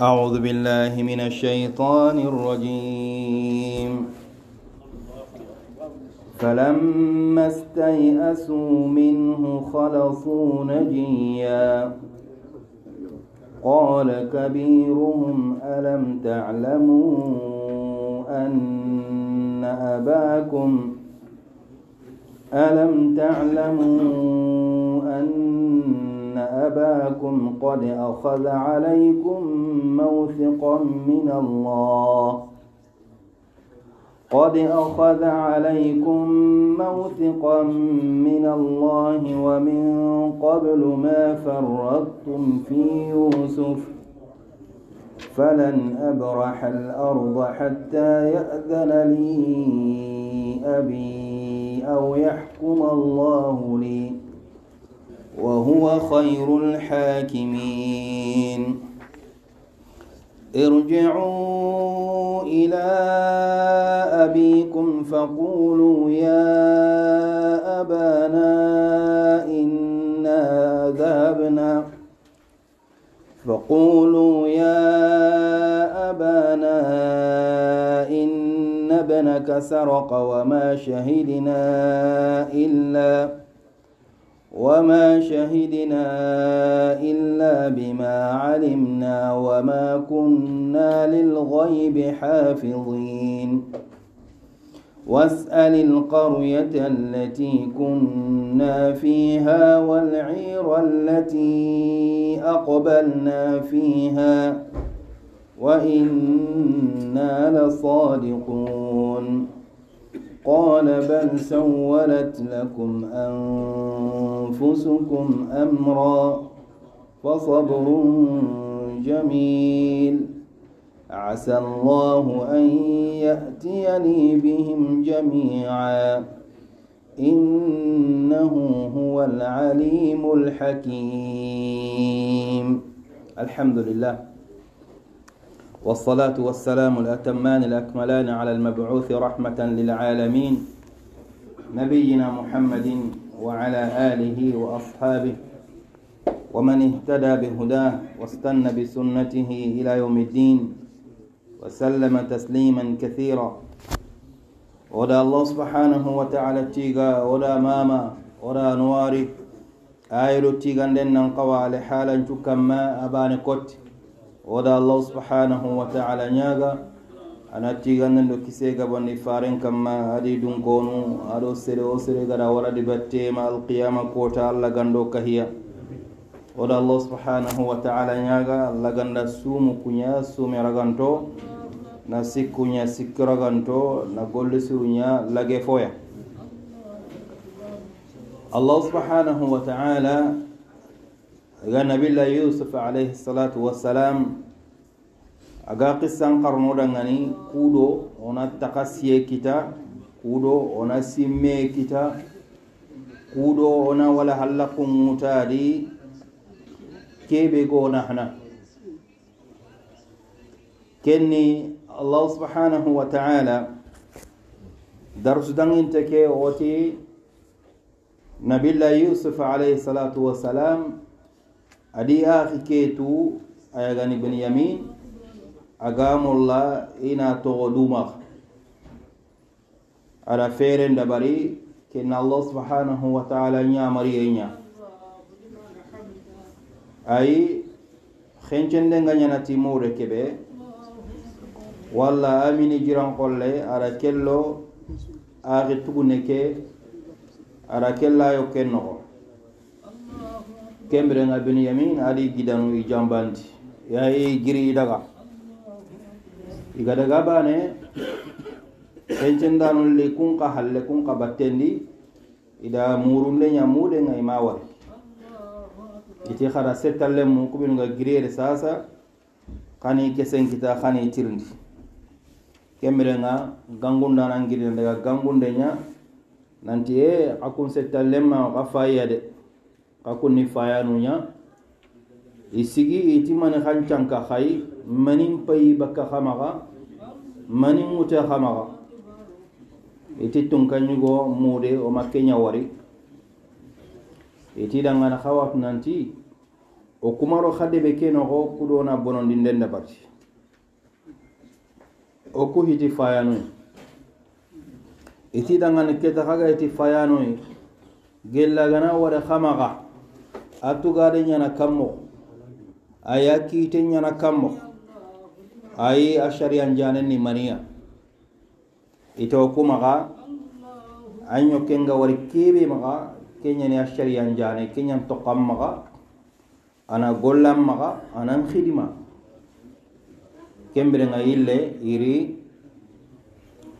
أعوذ بالله من الشيطان الرجيم فلما استيئسوا منه خلصوا نجيا قال كبيرهم ألم تعلموا أن أباكم ألم تعلموا أباكم قد أخذ عليكم موثقا من الله قد أخذ عليكم موثقا من الله ومن قبل ما فرطتم في يوسف فلن أبرح الأرض حتى يأذن لي أبي أو يحكم الله لي وهو خير الحاكمين ارجعوا إلى أبيكم فقولوا يا أبانا إنا ذهبنا فقولوا يا أبانا إن ابنك سرق وما شهدنا إلا وما شهدنا إلا بما علمنا وما كنا للغيب حافظين واسأل القرية التي كنا فيها والعير التي أقبلنا فيها وإنا لصادقون قال بل سولت لكم أنفسكم أمرا فصبر جميل عسى الله أن يأتيني بهم جميعا إنه هو العليم الحكيم الحمد لله والصلاة والسلام الأتمان الأكملان على المبعوث رحمة للعالمين نبينا محمد وعلى آله وأصحابه ومن اهتدى بهداه واستنى بسنته إلى يوم الدين وسلم تسليما كثيرا ودا الله سبحانه وتعالى تيغا ودا ماما ودا نواري آيلو تيغا لنن قوى لحالا تكما أباني كتي oda allahu subhanahu wa ta'ala ñaaga anatti gandando kise gabandi faren kamma adi dun konu aɗo sere o sere gada waradi battema alqiyama kota allah gando kahiya oda allah subhanahu wa ta'ala ñaaga allah ganda suumu kuña suumi raganto na sikkuña sikki raganto na golle suruña lage foya allah subhanahu wa أجان نبي الله يوسف عليه الصلاة والسلام أجا قصة قرنو دنغني كودو أنا تقسي كتا كودو أنا سمي كتا كودو أنا ولا هلقو متاري كيف يكون هنا كني الله سبحانه وتعالى درس دنين تكي أوتي نبي الله يوسف عليه الصلاة والسلام adii aaki keetu ayagani benyamin agamolla ina togo dumaq ada feren dabari kenna allah subhanahu wa taala ñamariyenya ayi hencendenga ñanati mure keɓe walla amini jirankolle ada kello aaki tugune ke ada kellayo ken noxo kembirenga benyamin ali gidanu i jambandi ya, i giri i daga iga daga bane kencendanulli kunka halle kunka battendi ida murunde mude i mawar. iti hara settalle mu kuɓenuga girere sasa kani kita kani tirndi kembirenga gangundanan girina daga gangunde nya nanti e akun settallenma ka fayya de kakunni fayanunya isigi iti mani hancanka hay manin payi baka hamaga manin mute hamaga iti go muude o makke wari. iti dangana khawat nanti o khade beke ke noxo kudona bonondi ndenda bati o ku hiti fayanoy iti dangana keta xaga iti fayanoy gellagana ware hamaga. attu gaade ñana kammo aya kiite ñana kammo ayi a shariyan janen ni maniya ito kumaxa a ño kenga wari kebe maxa keñani a shariyan jane keñan toqan maxa ana gollan maxa anan xidima kembirenga yille iri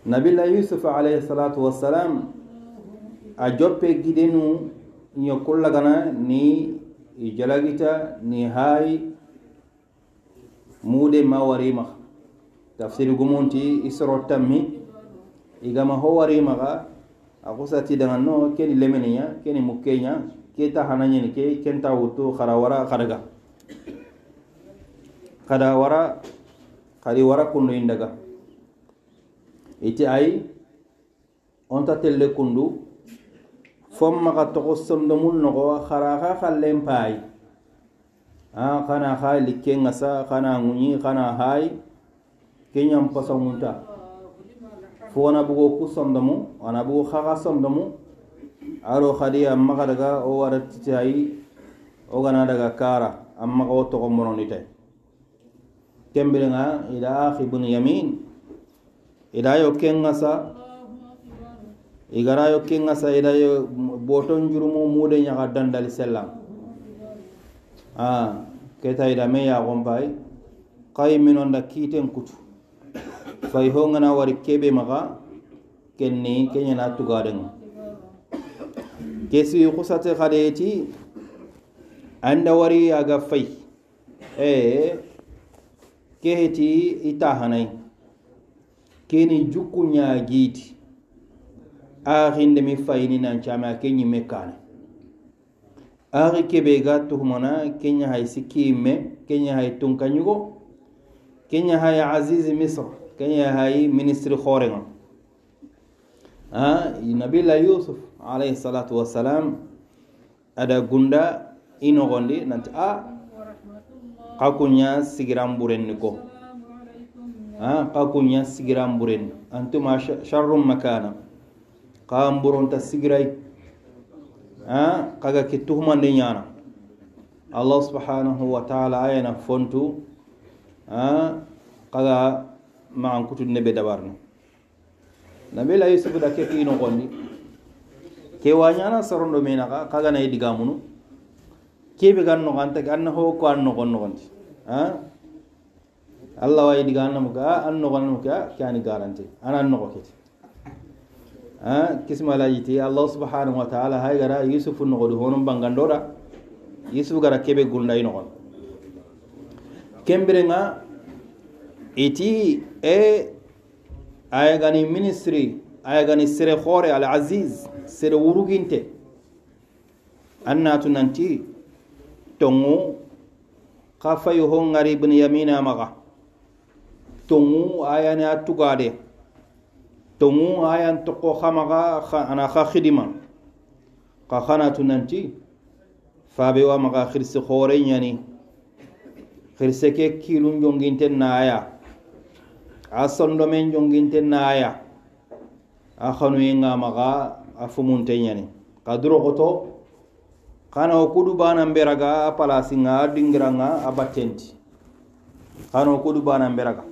nabila yusuf alayhi salatu wassalam a joppe gidenu ño ni ijalagita ni hay mude ma warima Tafsir gumunti isro tammi igama ho warimaga ti dengan no keni lemeniya keni mukkenya keta hananyeni ke kenta wutu karawara kadaga kada wara kadi wara kundu indaga iti ay onta telle kundu fommaxa toxo sondomul noxo xaraxa xallen paayi a xana xa likkenga sa nguni, ŋuñi xana kenyam keñan pasanŋunta fo wana bugo ku sondomu wana bugo xaxa aro xadi amma maxa daga wo wara titayi wo gana daga kara amma maxa wo toxo moronite kembirenga ila yamin ida yo kenga igara yo kinga sayda yo boton jurumu mude nyaga dandali sellam a ketayda me yagon pay kay minonda kiiten kutu fay ho ngana wari kebe maga kenni kenyana tugadenga kesi kusate kadeti anda wari aga fay e keheti itahanai keni jukku nyagiiti axinde mi fayini nancame a ke ñimme kane axi kebe ga tuhumana ke ñahay sikkiimme ke ñahay tunka ñugo ke ñahay aziz misre ke ñahay ministre xoorenga a nabila yusuf alayhi salatu wassalam ada gunda i noxondi nanti a xa kuña sigiran burenni ko a xa kuña sigiran burenni antuma charrum makana قام برونتا سيغراي ها كاغا كتوما نيانا الله سبحانه وتعالى اينا فونتو ها كاغا ما ان كوتو نبي دبارنا نبي لا يوسف دا كيكي نو غوندي كي وانيانا سروندو مينا كاغا ناي ديغامونو كيبي غان نو غانتا غان هو كو ان نو غوندي ها الله واي ديغان نمكا ان نو غوندي كاني غارانتي انا نو كيتي kisma lajiti allah subhanahu wa taala hay gara yusufu nogodu honum bangandoɗa yusufu gara keɓe guldayi nogon kembirenga iti e aya gani ministry aya gani sere hoore al aziz sere wuruginte annatu nanti tongu ka fayo ho ngari ibn yamina maga tongu ayani a tugade tungu ayan toko xamaxa ana khidiman xidima xa tunanti nanti be wa maka khirsi xoore nyani xirse ke kilun jonginten naaya do men jonginten naaya a xanuyenga nga a fumunte ñani kadro duroxoto kana wo kudu bana beraga pala singa dingranga dingiranga kana battenti xana wo kudu beraga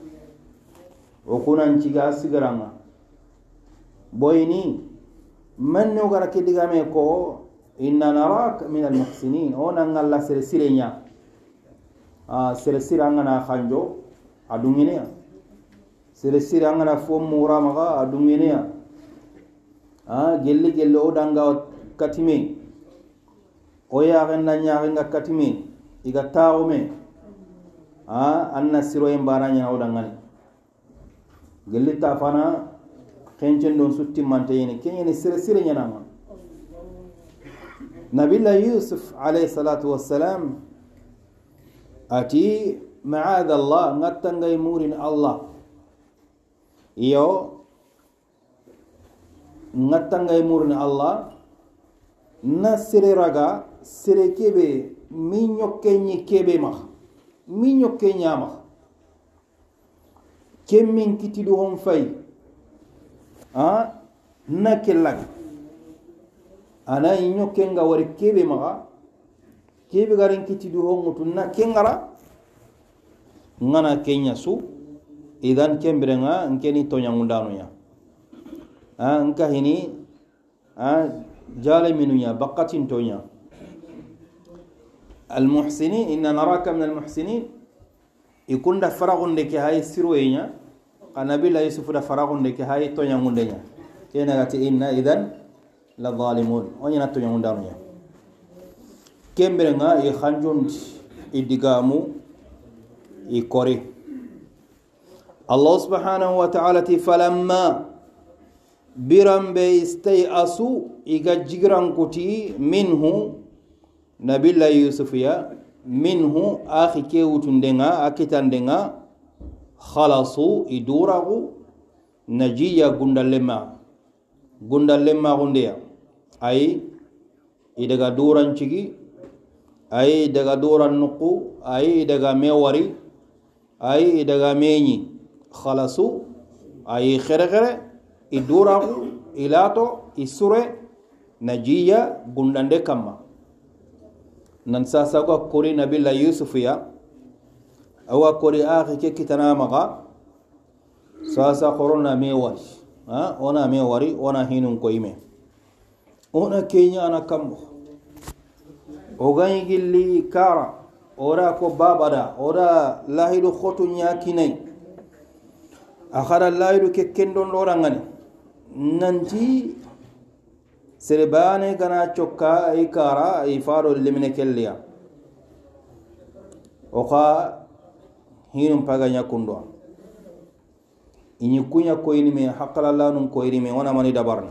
wo kunantiga a boyini man ne wogara kidigame ko inna narak min almuhsinin o nan ngalla sere sire nya a sere sire ngana khanjo adungine ya sere sire ngana fo mura maga adungine ya a gelli gelli o danga katime o ya ganna nya ganga katime iga taume a anna siro en baranya o dangani gelli ta fana kencen ɗon suttimmanta yene keñene sire sire ñanama nabilla yusuf alayhi salatu wassalam ati maada allah gattangay murin allah iyo, gattangay murin allah na sire raga sire keɓe mi ñokkeñi keɓe ma mi ñokke ñama kemmin kitiɗu hon fayi na kellaga ana inyo wara wari kebe maga kebe garin kiti du hongutu na kengara ngana kenya su idan kembere nga nkeni tonya ngundanu ya a nka hini a jale minu ya bakatin tonya المحسنين إن نراك من المحسنين يكون ده فرغ لا يوسف يسفر فراغ لك هاي تونيا دنيا كنا غاتي إن إذن لظالمون ونينا تونيون دانيا كمبرنا يخنجون إدقامو يكوري الله سبحانه وتعالى فلما برم بيستيأسوا إيجا جيران كوتي منه نبي الله يوسف يا منه أخي كيوتن دنا أكيتان دنا halasu iduragu najiya gunda lema gunda lema gundeya ay idaga duran cigi ay idaga duran nuku ay idaga mewari ay idaga meñi halasu ay khere khere iduragu ilato isure najiya gundande kamma nan sasa kwa kuri nabila yusufu ya أو كوري آخي كي تنامغا ساسا قرنا ميوري ها ونا ميوري ونا هينون كويمي ونا كينيا أنا كمو وغاني جلي كارا ora ko babada ora lahidu khotu ñakinayi akhara lahidu ke kendon ɗora ngani nanti sere bane gana cokka ay kara ay faro limine kelliya oka hinum paga ñakkundoa iñi kuña koyni me haqqala lanum koyni me wona mani dabarni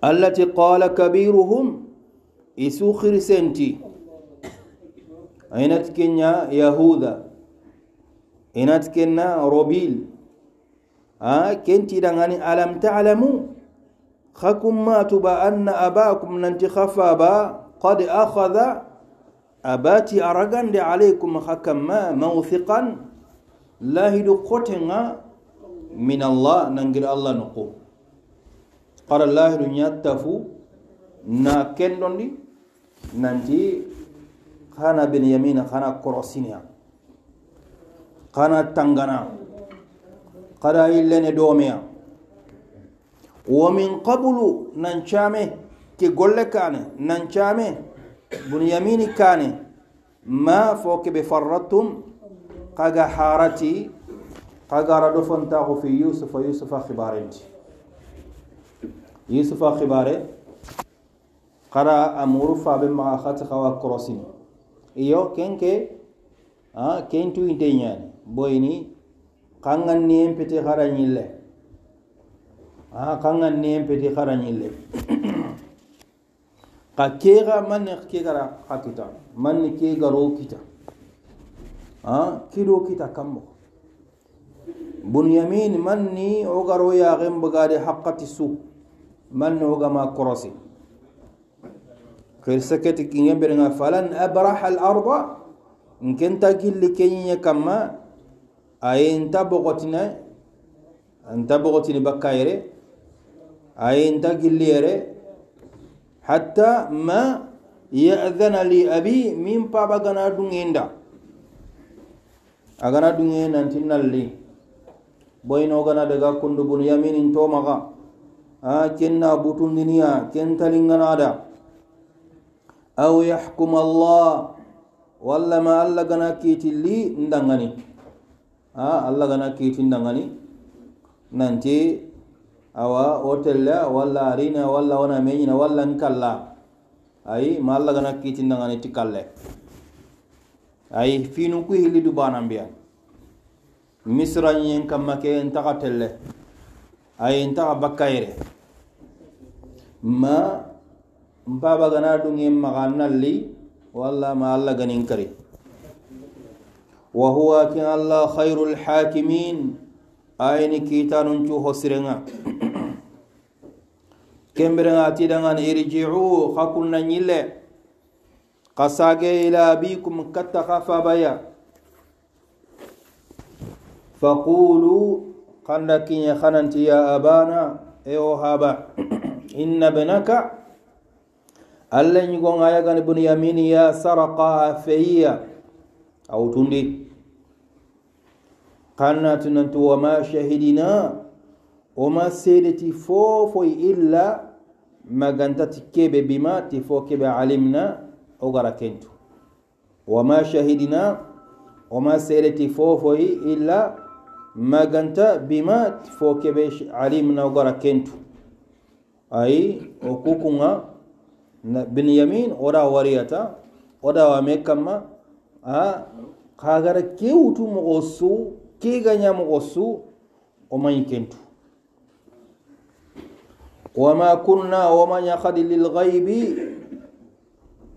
allati qala kabiruhum isu khirsenti ainat kenya yahuda inat kenna robil a kenti dangani alam ta'lamu khakum ma tuba anna abakum nanti khafa ba qad akhadha أباتي أرغان دي عليكم حكما موثقا لا هدو من الله ننجل الله نقو قال الله لن يتفو نا كندون دي ننتي خانا بن يمين خانا كروسينيا خانا تنغنا قال إلين دوميا ومن قبل ننشامي كي قولك أنا ننشامي bunyamiini kaane maa fooke be farrattum qaga haarati qagara ɗofontaaku fi yusufa yusufa khibaarenti yusufa khibaare qara amuru faabe maga hati hawa korosini iyo kenke kentu inte ñaani boyni kangan niyen peti hara ñille kangan niyen peti hara ñille ka kega man ne kegara ka kita man ne kegaro kita ha kido kita kammo bunyamin man ni ogaro ya gem bagade haqqati su man no gama korosi kir sakati kinyen berna falan abraha al arda in kenta gilli kenya kama ayin tabogotina an tabogotina bakayre ayin tagilli yere hatta ma yadana li abi min paba gana dungenda agana dunge nanti nalli boyno gana daga kundu bun yaminin to maga a kenna butun diniya ken talingana da aw yahkum allah walla ma alla gana kiti li ndangani a alla gana kiti ndangani nanti awa otella walla arina walla wona meñina walla n kalla ayi ma allah gana kiitinnaganiti kalle ayi finun ku hilli dubanan mbiyan misrañen kamma ke n taxa telle ayi n taxa bakkayire ma mpaba gana dungen maxa nalli walla ma allah ganin kari wa huwa kin allah khairu lhakimin ayini kiitanuncu hosirenga kembirenga tidangan irjiu hakunna ñille kasage ila abikum katta hafabaya faqulu kanda kiñe hananti ya abana ewo haba inna benaka allah ñigon ayagani bun ya saraka a feyiya awtundi kanna tunantu wa ma shahidina o ma seede ti foofoyi illa bima ti fo kebe alimna o gara kentu wa ma shahidina o ma bima ti fo kebe alimna ayi o kukunga benyamin o da wariyata o me kamma a kagara kewutu mogo su kiga ñamogo omanyi o mañi kentu wama kunna womaña kadi lilgaybi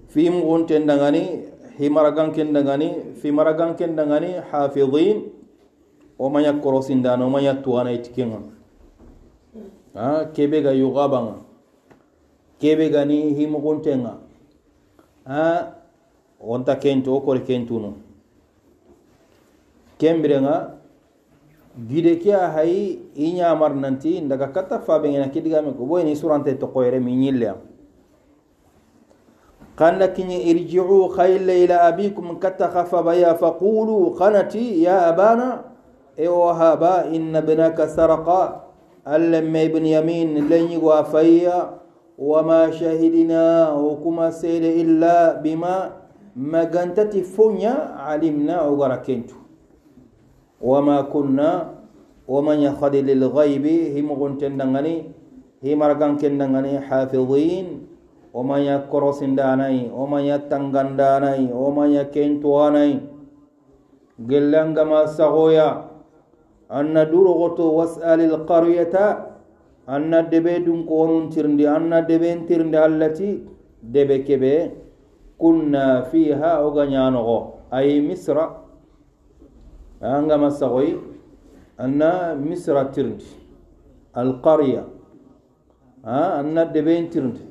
fim gunten dangani himaraganken dangani fimaraganken dangani hafidin womaña korosindana womaña tuwana iti kenga a kebe ga yugabanga kebe gani himuguntenga a onta kento okori kentu no. kembirenga gide ke a hayi i ñamar nanti ndaga katta faɓegena kidigame ko boyni surante tokoyere mi ñille kanda kiñe irjiu khayla ila abikum katta khafabaya faqulu kanati ya abana e o haba inna benaka saraka allemme ibn yamin leñigo a fayya wama shahidina hokuma seede illa bima magantati foña alimna ogara kentu وما كنا ومن يخد للغيب تندغني هي هم كندغني حافظين ومن داني ومن يتنغنداني ومن يكنتواني قلنغما سغويا أن درغتو واسأل القرية أن دبيدن قونون ترندي أن دبي ترندي التي دبكبي كنا فيها أغنيانغو أي مصر anga masagoy anna misra tirndi alqarya anna deben tirndi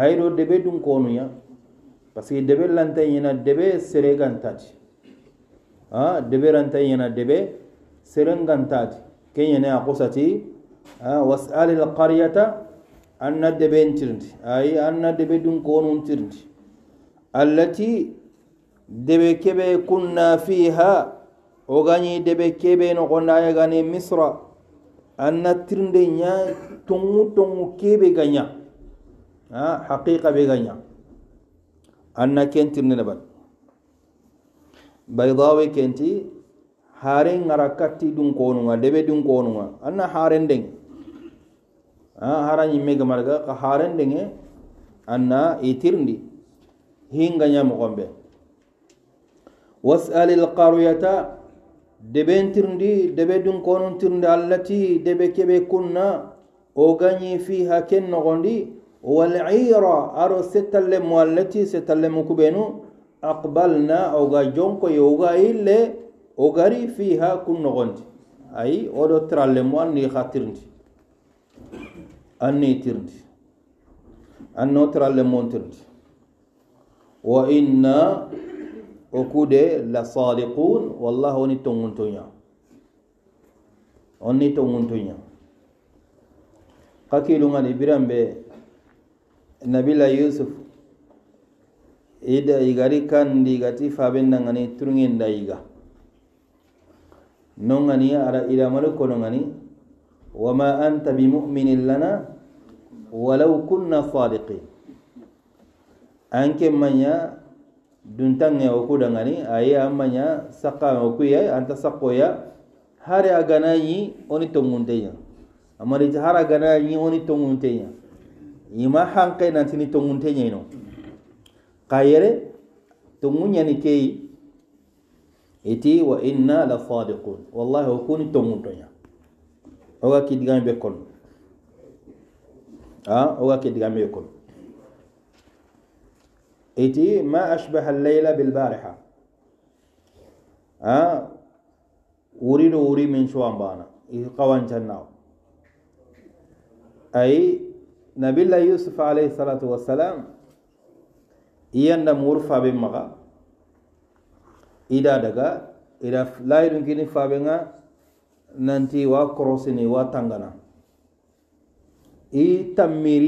ayido debe dun konuya parce que debe lanta yena debe seregantati debe ranta yena debe serengantati kenyene a kusati wasal alqaryata anna deben tirndi ayi anna debe dun konun tirndi allati debe kebe kunna fiha ogani debe kebe nogonda yagane misra anna tirnde ña tongu tongu kebe ganya a haqiqa be gaña anna ken tirnde ne ban baydawe kenti hare ngara katti dun konunga debe dun konunga anna haren deng a hara ñimme gamarga ka haren denge anna i tirndi hingaña mogonɓe was'al alqaryata debeen tirndi debe dhunkoonun tirndi allatii debee kebe kunna oganii fi ken nogondi walciira aro setallemu allatii setallemu kubeenu aqbalna oga jonkoye oga ille ogari fiha kun nogondi ay oɗo tirallemu anniha tirndi anni tirndi anno tirallemon tirndi wa inna okude la sadiqun wallahi oni tunguntunya. onni tonguntoña kakilungani Nabi nabila yusuf ida igari kandi gati faben dangani turngin da iga nongani ara ida maluko nongani wama anta bimu'minin lana walau kunna sadiqin anke manya duntange oku ini ayah amanya saka oku ya anta sako ya hari agana ini oni tongunteya amari agana aganayi oni tongunteya ima hankai nantini tongunteya ino kayere ni kei iti wa inna la sadiqun wallahi okuni tonguntoya oga kidigambe kon ah oga kidigambe kon. إتي ما أشبه الليلة بالبارحة ها أه أريد أري من شوان بانا قوان جناو أي نبي الله يوسف عليه الصلاة والسلام إيان نمور فابين مغا إذا دقا إذا لا يمكن فابنا ننتي وكروسيني korosini إي tangana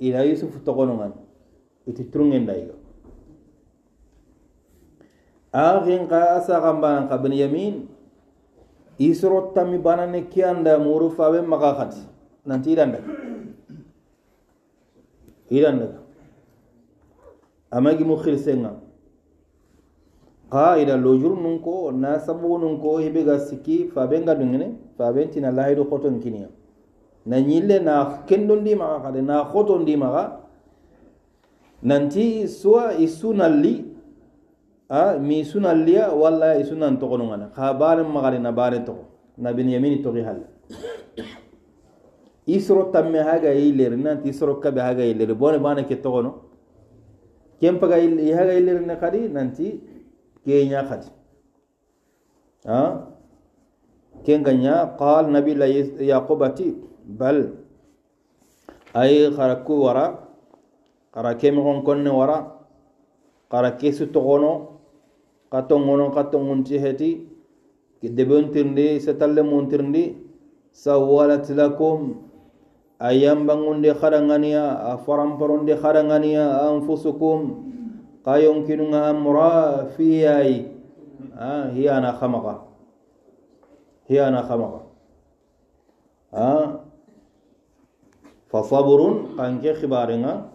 i يوسف ila iti turungendayiga axin xa a saxan banan xa benyamin i soro tami banane ke anda muru fabe maxa xati nanti idan daga idan daga amagi mu xirsenga xa ida lojur nun ko na sabugu nun ko hibe ga sikki fabe nga dungene fabe ntina lahidu xoton kiniya na ñille na kendondi maxa xade na xotondi maxa nanti suwa isunalli a mi sunalliya walla isunan togonongana ka baren magari na baren togo na benyamini togi halla isoro tamme haga ileri nanti isoro kabe haga ileri bone bana ke togono kempaga haga ileri na kadi nanti kenya kadi a kenganya qal nabila la yaqubati bal ay kharaku wara kara kon konne wara kara kesu togono ka ngono ka tongunti heti kidebontirndi setalle muntirndi sawalat lakum de kharangania a faram faramparondi hadanganiya anfusukum ka kinunga amra fiyayi hiyana hamaka fa hamaka fasaburun kanke hibarenga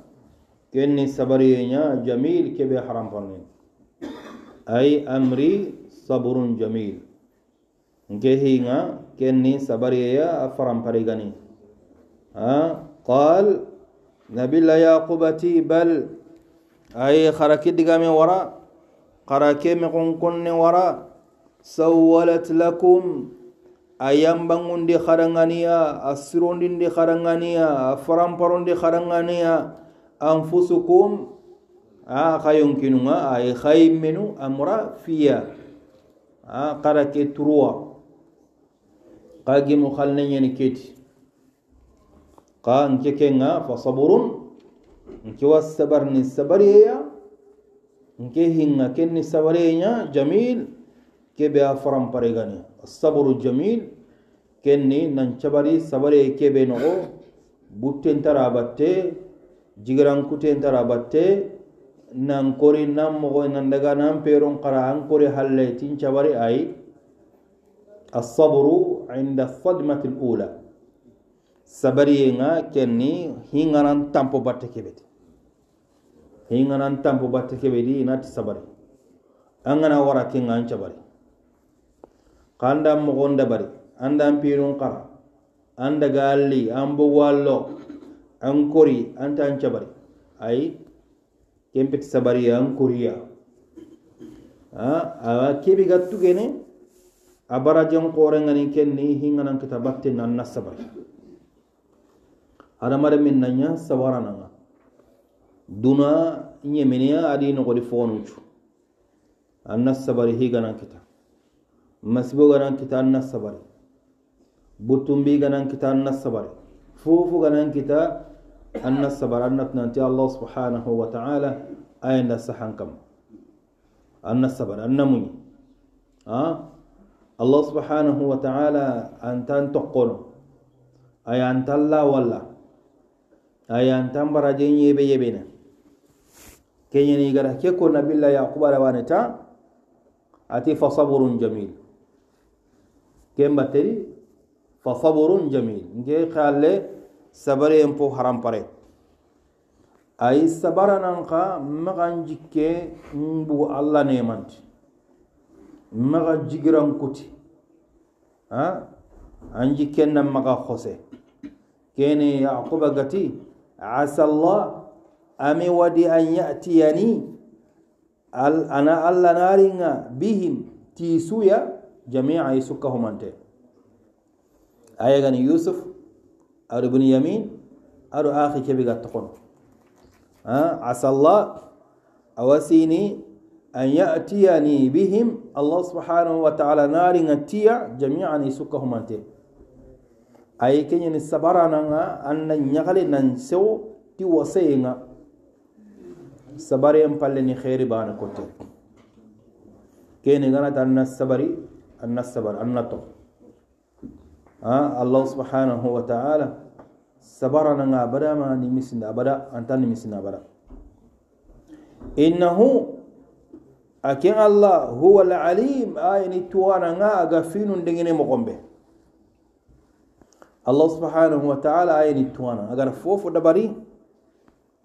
كني صبرينا جميل كبي حرام فرنين أي أمري صبر جميل جهينا كني صبريا أفرام فريقاني أه؟ قال نبي الله يعقوبتي بل أي خركي دقامي ورا خركي كني ورا سولت لكم أيام بانون دي خرنغانيا أسرون دي خرنغانيا afram دي خرنغانيا أنفسكم آه خيمكن آه، أي خيمن أمرا فيا آه قرك تروى قاقي مخلنين ينكت يعني قا انك كنا فصبر انك والسبرني السبرية انك هنا كني السبرية جميل كبه فرم بريغاني الصبر الجميل كني ننشبري سبري كبه نغو بوتين ترابتي jigirankuten tara batte nankori nan mogo nan daga nan peron kara an kori halle tin cabari ay asabru inda sadmati lula sabariye nga kenni hinganan tampo batte kebeti hinganan tampo batte kebedi inati sabari an gana wara kenga an cabari kandan mogon dabari andan pirun kara an daga alli an bogo allo ankori anta an cabari ay kempeti sabari ankoriya awa keɓe gattugene a barajan korengani kenni hinganan kita batte nanna sabari hadamaren min nanya sawarananga duna ñemeniya adi nogodi fonucu anna sabari higanan kita masibo ganan kita anna sabari buttumbi ganan kita anna sabari fufu ganan kita أن الصبر أن تنتي الله سبحانه وتعالى أين سحنكم أن الصبر أن مني أه؟ الله سبحانه وتعالى أن تنتقل أي أن تلا ولا أي أن تنبر جيني يبي يبينا كي ينيقر كيكو نبي الله يعقوب روانتا أتي فصبر جميل كم بتري فصبر جميل نجي خالي sabare mpo harampare ay sabarananka magan jikke mbugu allah nemanti maga jigiran kuti ha an jikken nan maga hose kene yaquba gati asa allah ami wadi an yatiyani al ana allah naringa bihim ti suya jamia i sukka humante ayegani yusuf أرو بني يمين أرو آخي كبي قد تقول عسى الله أوسيني أن يأتيني بهم الله سبحانه وتعالى نار نتيا جميعا يسكهم أنتي أي كن نسبرا أن نغلي ننسو تي وسينا سبري أم خير بان كتير كني غنا أن السبري أن السبر أن نتو الله سبحانه وتعالى سبرنا أبدا ما نمسنا أبدا أنت نمسنا أبدا إنه أكين الله هو العليم آية نتوانا أغفين دنجني مقومبه الله سبحانه وتعالى آية نتوانا أغر فوف دبري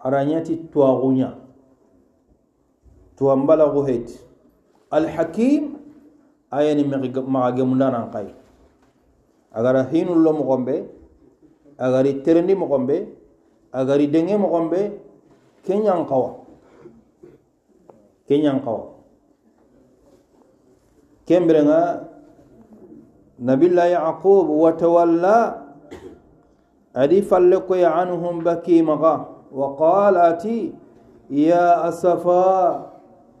أرانياتي تواغنيا توانبلغ هيت الحكيم آية نمغمنا نقايل agara hinullo mogonɓe agari terendi mogonɓe agari denge mogonɓe kenyan kawa kenyan kawa kembirenga nabillah yaqub watawalla adi falle koye anhum maga wa qal ati ya asafa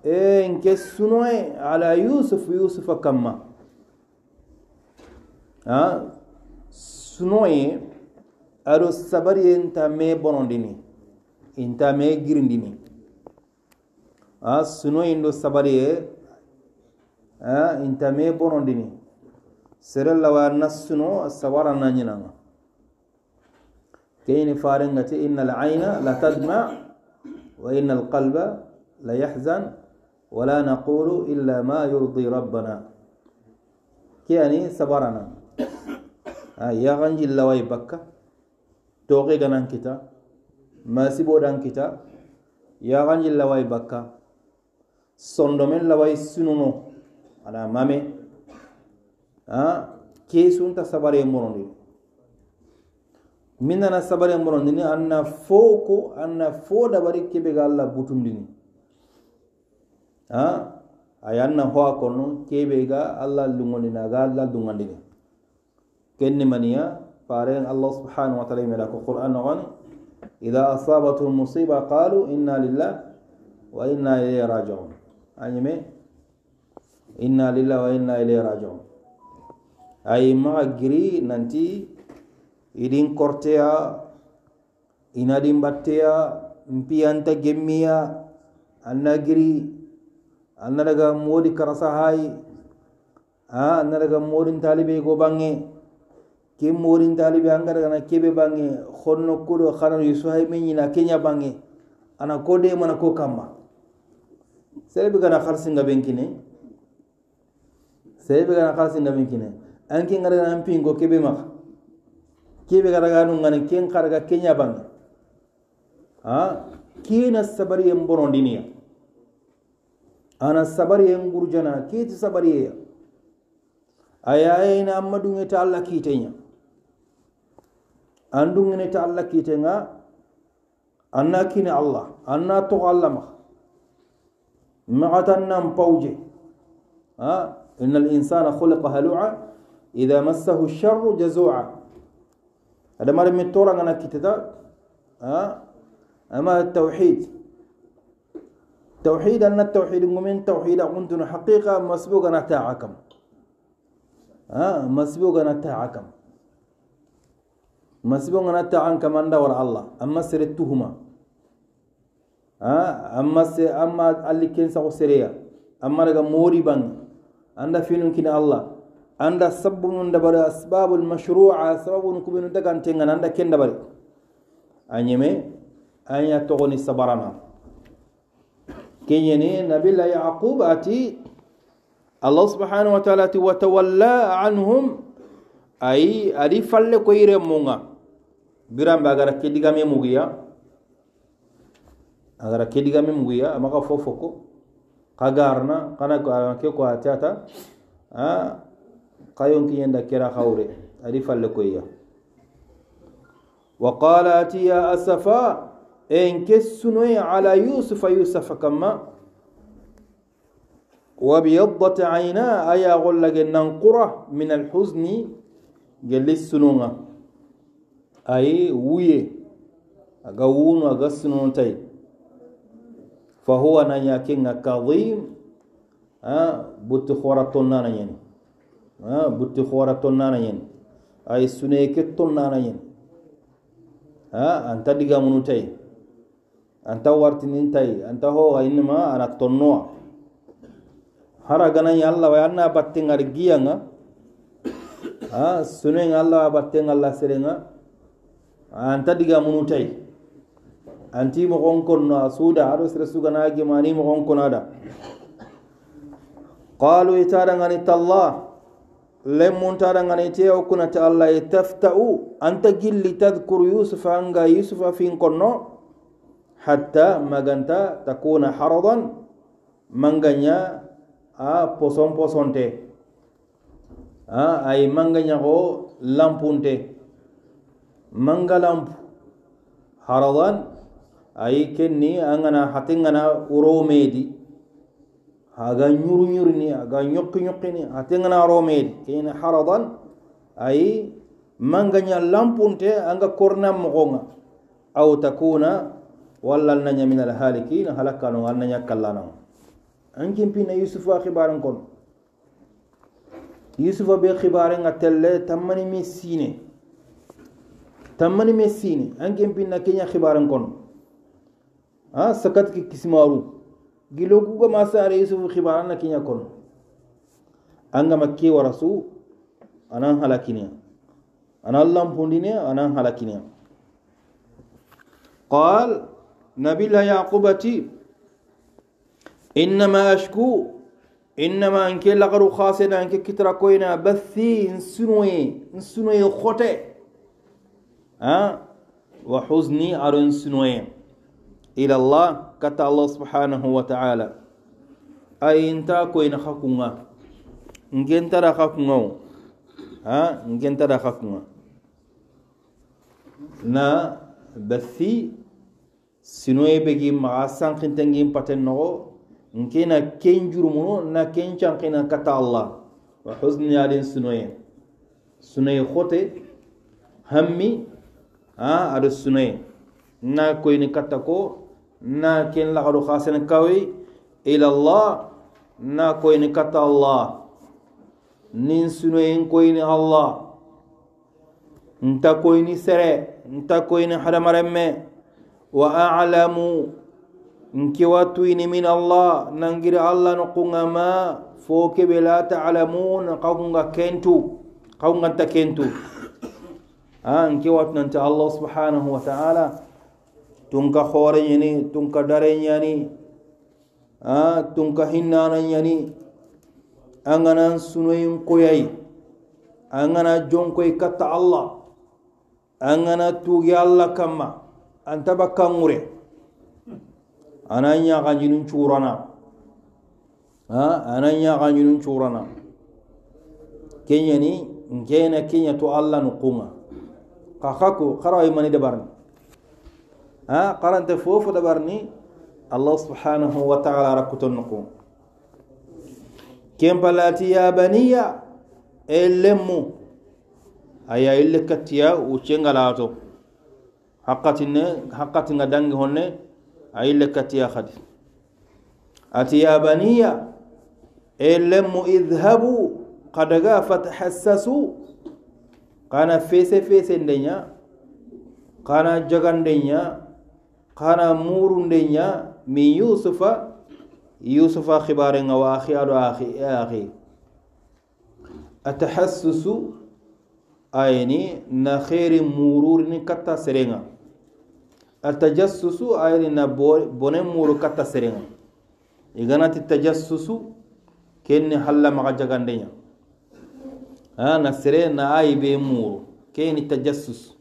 e nke sunoe ala yusuf yusufa kamma sunoye aɗo sabari nta me bonondini inta me girindini sunoye ndo sabari ye inta me bonondini sere lawa na suno sawara na ñinanga keyni farengati inna alayna la tadma wa inna alqalba la yahzan wala naqulu illa ma yurdi rabbana ke ani sabarana yaxanji lawayi bakka toxe ganan kita masiɓoɗan kita yaxanji lawayi bakka sondomen lawayi sinuno ala mame kesunta sabare morondi min nana sabare morondini anna fo ko anna fo dabari keɓe ga allah butundini aya anna howa konno keɓe ga allah lugondinaga allah lugandini كن منيا فارين الله سبحانه وتعالى ملاك القرآن غن إذا أصابتهم مصيبة قالوا إنا لله وإنا إليه راجعون أي ما إنا لله وإنا إليه راجعون أي ما أجري ننتي إدين كرتيا إنا دين باتيا مبي أنت جميا أنا أجري أنا لغا مودي كرسا هاي آه، أنا لغا مودي تالي تالبي بانجي ke morin talibe angara gana kebe bange honno kudo khana yusuhai menyina kenya bange ana kode mana ko kamma serebe gana kharsinga benkine serebe gana kharsinga benkine anke ngara gana mpingo kebe maka kebe gara ganu ngana ken kharaga kenya bange ha kina sabari en borondiniya ana sabari en gurjana kiti sabari e ya ayaye ina amma dunge ta Allah kitenya andu ngene ta allah kitenga anna kine allah anna to allah ma ان الانسان خلق هلوعا اذا مسه الشر جزوعا هذا مر من انا كتدا ها اما التوحيد توحيد ان التوحيد من توحيد عندنا حقيقه مسبوقا تاعكم ها مسبوقا تاعكم ما سيبون أنا تعان كمان دور الله أما سرتهما ها أما س أما اللي كين سو سريع أما لك موري بان عند فين يمكن الله عند سبب من دبر أسباب المشروع سبب من كبين دك أن تين عند كين دبر أني ما أني تغني صبرنا كيني نبي الله يعقوب أتي الله سبحانه وتعالى وتولى عنهم أي أريف الله كويرة مونا biran ba gara ke digame mugiya agara ke digame mugiya amaka fofoko kagarna kana ke ko atata a kayon ki yenda kera khawre ari falle koyya wa qalat ya asafa in kasunu ala yusufa yusuf kama وبيضت عينا أيا غلق ننقرة من الحزن جلس سنونا ay wuye aga wunu aga sununtai fahuwa nanya kenga kadhim ha butti khora tonnana yen ha butti khora tonnana yen ay suneke tonnana yen ha anta diga munutai anta wartinintai anta hoga inma ana tonnoa hara gananya allah wa anna battengar giyanga ha sunenga allah wa battenga allah serenga anta diga munutay anti suda aro sira suuda na gi mani mo gonkon ada qalu itaɗa ngani tallah mun tara ngani te o ta allah e tafta'u anta gilli tadkuru yusufa anga yusufa fin konno hatta maganta takuna haradan manganya a poson posonte a ay manganya ko lampunte mangalampu haradan ayi kenni angana hatengana uromedi haga nyuru nyurni aga nyokki nyokkini hatengana romedi kene haradan ayi manganya lampunte anga korna mogonga aw takuna walla nanya min alhalikin halakano annanya kallana ankin pina yusufa khibaran kon yusufa be khibaren atelle tamani mi sine tammani me sini anken pinna kenya khibaran kono a sakat ki kismaru gilo kuga masa are yusufu khibaran na kenya kono anga makke warasu anan halakiniya anan lampundiniya anan halakiniya قال نبي الله يعقوبتي إنما أشكو إنما أنك لغرو خاسنا أنك كترا كوينا بثي انسنوي انسنوي خوتي وحزني أرنسنوي إلى الله كتى الله سبحانه وتعالى أي انتا كوين خاكونا نجين ترى خاكونا ها ترى نا بثي سنوي بجي مع سانكين تنجين باتن نغو نكينا كين جرمونو نا كين شانكينا كتى الله وحزني أرنسنوي سنوي خوتي همي aɗa sunaye na koyni katta ko na ken lakaɗo ha sene kawe ilallah na koyni katta allah nin sunoyen koyni allah nta koyni sere nta koyni hadamarenme wa alamu nkiwatuyni min allah nangiri allah nokunga ma fo keɓe la talamun kakunga kentu kakunga nta kentu an ke watunanta allah subhanahu wa ta'ala tunka ka hore ñani tun ka dare ñani a tun hinnana ñani a sunoyin koyayi a gana katta allah a gana tugi allah kamma an taba kanŋure ana ñaganjinun curana a ana ñaganjinun curana keñani nkena keña to allah nu kunga قاقاكو قرأي ماني دبرني ها قرنت فوف دبرني الله سبحانه وتعالى ركوت النقوم كم بلاتي يا بني إلمو أيا إلكتيا وشنغلاتو حقتنا حقتنا دنگ هن أي إلكتيا خدي أتي يا بني إلمو اذهبوا قد فتحسسوا kana fese fesendenya kana jagandenya kana murundenya min yusufa yusufa khibarenga wa akhi aɗo akhi akhi atahassusu ayni na kheri mururini katta serenga atajassusu ayni na bone muru katta serenga iganati tajassusu kenni halla maga jagandeña أنا سرينا أي بيمور كين التجسس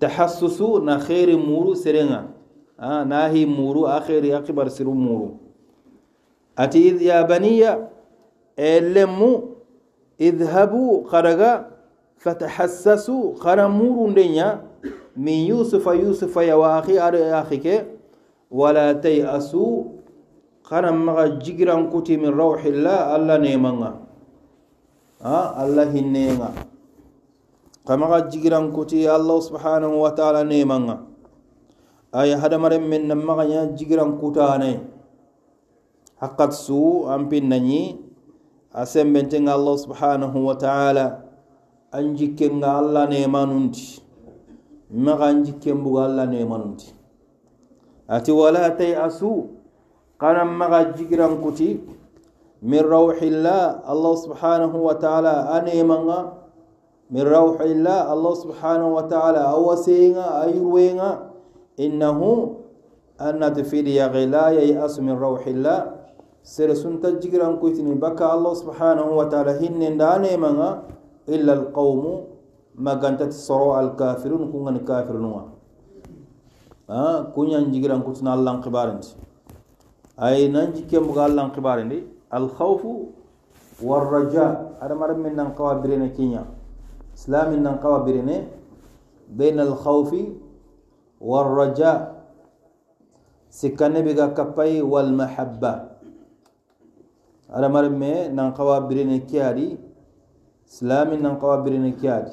تحسسو نخير مورو سرينا آه ناهي مورو آخر أكبر سرو مورو أتي يا بنية ألمو اذهبوا قرغا فتحسسوا قرمور دنيا من يوسف يوسف يا واخي ار اخيك ولا تياسوا قرم جيران كوتي من روح الله الله نيمانا alla hinnenga kamaxa jigirankuti allahu subhanahu wa taala nemanga ay hadamaren men na maxaña jigirankutane hakkat su anpinnañi a sembentenga allahu subhanahu wa taala an jikkenga allah nemanundi maxa n jikken buga allah nemanundi ati wala tay asu xanan maxa jigirankuti من روح الله الله سبحانه وتعالى أنيمنا من روح الله الله سبحانه وتعالى أوسينا أيروينا إنه أن تفيدي غلا ييأس من روح الله سر سنتجرا كويتني بكى الله سبحانه وتعالى هن دانيمنا إلا القوم ما كانت تصروا الكافرون كون كافرون ها آه، كون ينجرا كوتنا الله انقبارنت أي ننجي كم الله انقبارنت الخوف والرجاء هذا مرة من نقوى برينا كينيا إسلام نقوى برينا بين الخوف والرجاء سكان بيغا كباي والمحبة هذا مرة من نقوى برينا كياري إسلام نقوى برينا كياري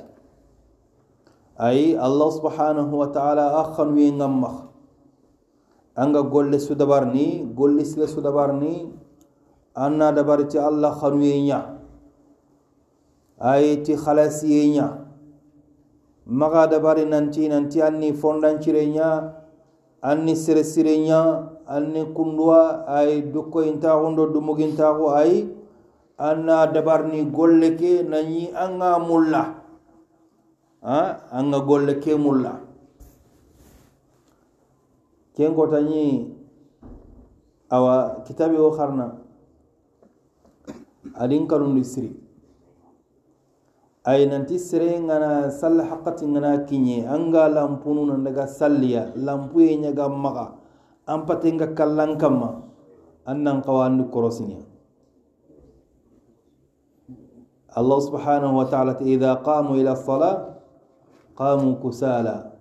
أي الله سبحانه وتعالى أخن وينغمخ أنغا قول لسو دبارني قول لسو anna dabar ci allah hanuye ɲa aye ti halasiye ɲa maga dabari nanti nanti anni fondancire ɲa anni ya, an ni kunduwa dukko ta aye dukkoyintaxundo dumugintaxu ayi anna ni golle ke an ga mulla ga golle ke mulla ken kotañi awa kitabi o harna adin kanundi siri ay nanti sere ngana sal haqqati ngana kinye anga lampunu na daga salliya e ñaga maga an pate nga kallan kamma an nan kawa allah subhanahu wa taala ta qamu ila salat qamu kusala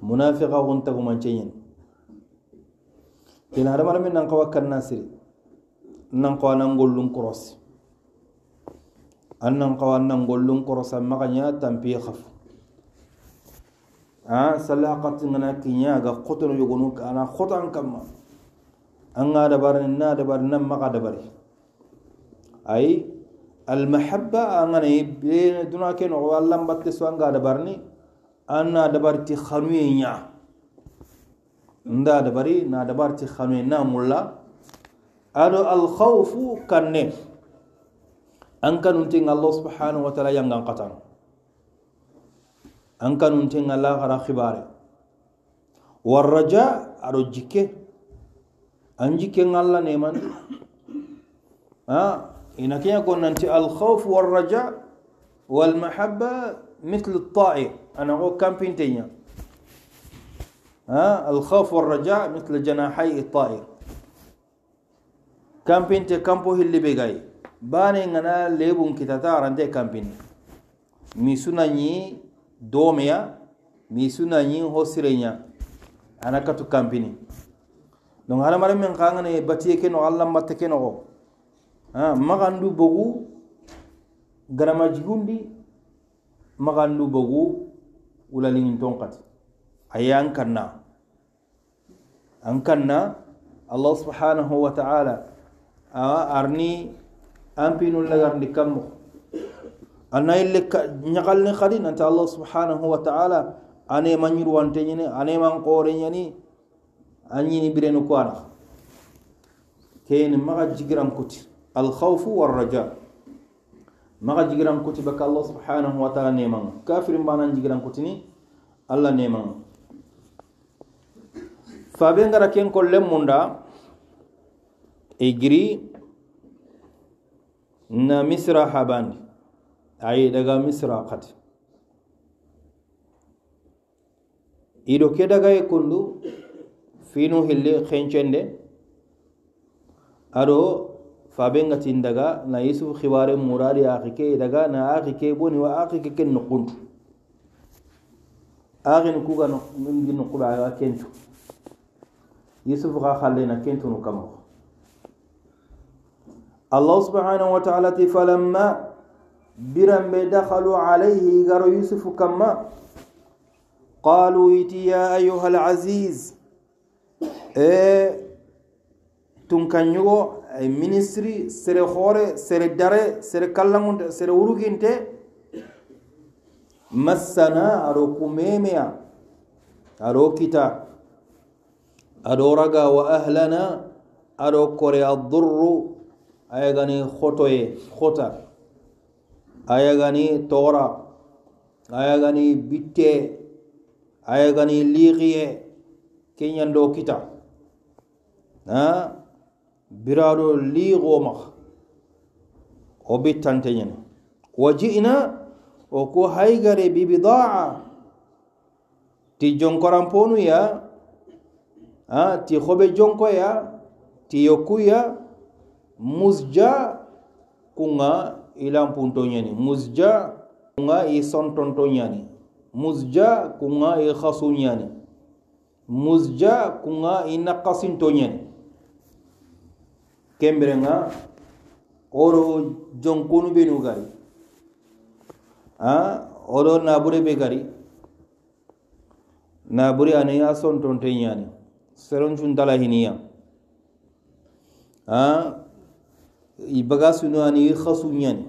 munafiqa guntagumanceñen ken hadamara min nan kawa nan ko anan gollun cross annan ko annan gollun cross amma kanya tampi khaf a salaqat ngana kinya ga khoton yugunu kana khotan kamma an ga dabar na dabar nan maka dabari ay al mahabba an ngana be duna ken o wallan batte so an ga dabar ni an na dabar ti khanuye nya nda dabari na dabar ti khanuye na mulla ado al khawfu kanne an kanuntin allah subhanahu wa taala yangan katano an kanuntin allah hara khibare raja aɗo jike an jikken allah nemani a ina kenya kon nanti al raja wal mahabba mithl ta'i ana ko kampinteña a alkhawf warraja mithl janahay tair te kampo hilli be gay bane ngana lebun kitata arante kampin mi sunanyi domia mi sunanyi hosirenya ana katu kampini hala mare men kangane batiye ke no allah matte ke no ha magandu bogu garama jigundi magandu bogu ulalingin tonkati ayan kanna an kanna allah subhanahu wa ta'ala arni ampinu lagarndi kammo ana ille ñakalni kadin anta allah subhanahu wa taala anema ñurwante ñini aneman qoore ñani a ñini birenu ko ana keyni maxa jigiran kuti alhawfu warraja maxa jigiran kuti baka allah subhanahu wa taala nemanga kafiri mbanan jigiran kutini allah nemanga fabe ngara ken kollen munda igiri na misra habandi ayi daga misra kati ido ke daga e kundu finu hilli khenchende aro fabengatin daga na yusuf khiware muradi akike daga na akike boni wa akike ken nukuntu agin kuga nukuba kentu yusuf ga khalle na kentu nukamoo الله سبحانه وتعالى فلما برم دخلوا عليه قال يوسف كما قالوا يا أيها العزيز إيه تنكنيو أي منسري سر خوري سر داري سر كلمون سر وروكين تي مسنا أروكو ميميا أروكتا أدورغا وأهلنا أروكوري الضرّ aya gani khotoye khota aya gani tora aya gani bitte aya gani liqiye kenyando kita ha birado liqo ma o bittante nyene wajina o ko haygare bi bidaa ti ya ha ti khobe jonko ya ti yokuya musja kunga ilang puntonya ni musja kunga ison tontonya ni musja kunga i khasunya ni musja kunga i tonya ni kembrenga oro jonkunu benu gari a oro nabure be gari nabure ani a ya tontenya ni seron cuntala hiniya ah. baga sunani khasunyani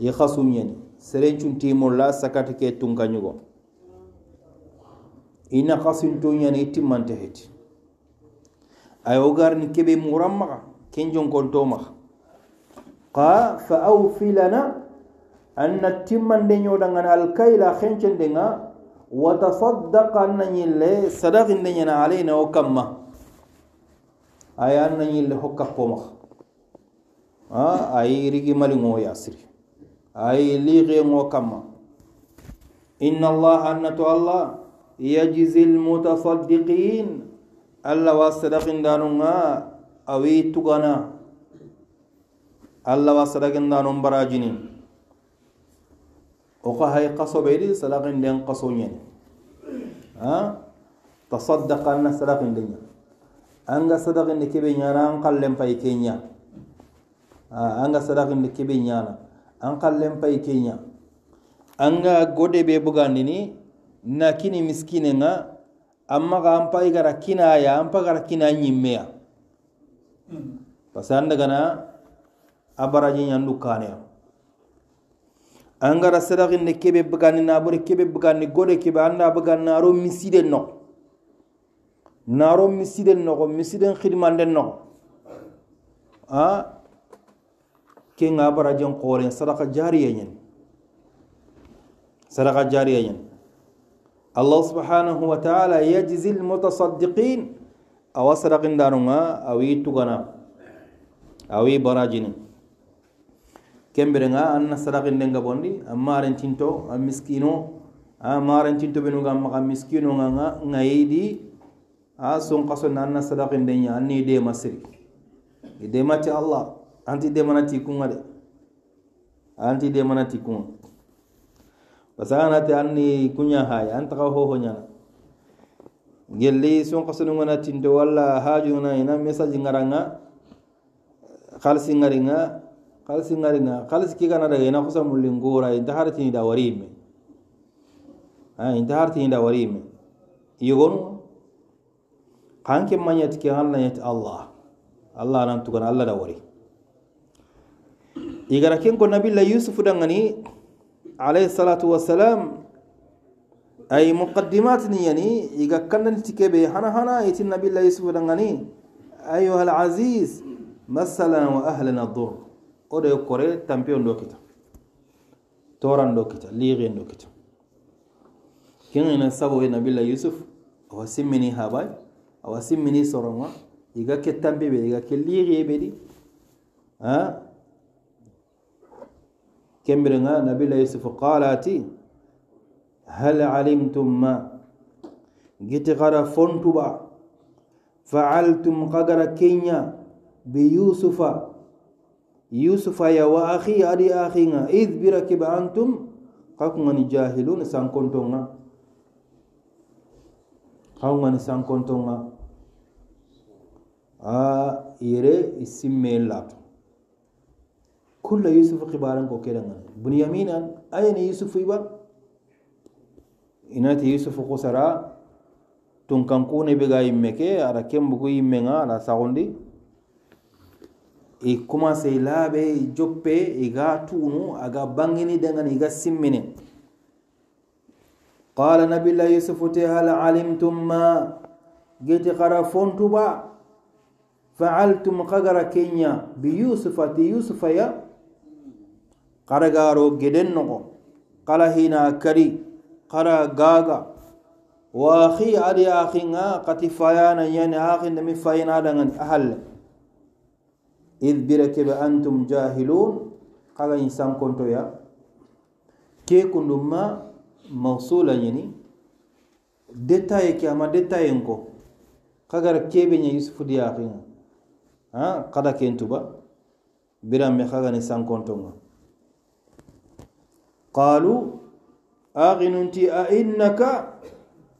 ye khasunyani serencun timolla sakata ke tunkanyugo ina khasuntunyani timmante heti ayo garni kebe murammaga ken jonkontomaga ka fa awfi lana anna timmande ñoɗangana alkayla hencendenga watasaddaqa anna ñille sadaqinde ñana alayna o kamma ayan na le hokka ma ha ay rigi mali ngo ay li ge ngo kamma inna allaha annato allah yajzi al mutasaddiqin alla wasadaqin danunga awi tugana alla wasadaqin wa barajini o oka hay qaso salaqin den qaso ñene ha tasaddaqan salaqin den An ga sadakin da kebe yana an fai kenya ke ah, ga sadakin da kebe yana an kallon fai ke an ga gode be ne na kini miskini nga an maka an fai gara ya an fai gara kina yi parce que an dagana a baraji ne kaneya an gara sadakin da kebe ni na buri kebe ni gode kebe anda bugandi aro miside nok naro misiden nogo misiden khidmanden nogo a ke nga barajen qoren sadaqa jariya nyen sadaqa jariya nyen allah subhanahu wa ta'ala yajzil mutasaddiqin awa sadaqin darunga awi tugana awi barajini kembere nga anna sadaqin denga bondi amma tinto am miskino amma tinto benuga amma miskino nga nga ngaidi a sun kaso na anna sadakin den ya anni de masiri de mati allah anti de manati kunga de anti de manati kunga basana ta anni kunya hay anta ka ho ho nyana gelli sun kaso no ngana tindo walla haju na ina message ngaranga khalsi ngaringa khalsi ngaringa khalsi ki kana daga ina kusa mulingura inta harti ni da warime ha inda harti ni da warime yogonu kanke manyati ke Allah yati Allah Allah nan tugan Allah da wari igara ken ko nabilla yusuf dangani alayhi salatu wassalam ay muqaddimat ni yani iga kandan tikebe hana hana yati nabilla yusuf dangani ayuha alaziz masalan wa ahlan ad-dur kore tampion dokita toran dokita liigen dokita ken ina sabo nabilla yusuf wa simmini awasi mini soronga iga kettambe be iga kelliye be di ha kemrenga nabila yusuf qalati hal alimtum ma giti gara fontuba fa'altum qagara kenya bi yusufa yusufa ya wa akhi adi akhinga idh birakiba antum kakungani jahilun sankontonga xawŋani sankontonŋa a yere i simmeen laato kulla yusufu xibaran ko kedanŋani bunyaminan ayani yusufu iba inati yusufu kusara tunkankune bega yimme ke ada kembugu yimmenŋa ada sagundi i commencé i laabe i joppe e ga tuunu aga bangini dengan e ga simmine قال نبي الله يوسف هل علمتم ما جيت قرا توبا فعلتم قجر كينيا بيوسف تي يوسف يا قرغارو جدنو قال هنا كري قرا غاغا واخي علي اخينا قتفيانا يعني اخين دمي فاينا دان اهل اذ بركب انتم جاهلون قال انسان كنتو يا كي كندما mawsula ñini détaille ke ama détaille en ko kagara keɓe ña yusufudiyaxinga xada ken tuba biran me xagani sankontonga qalu axinunti a innaka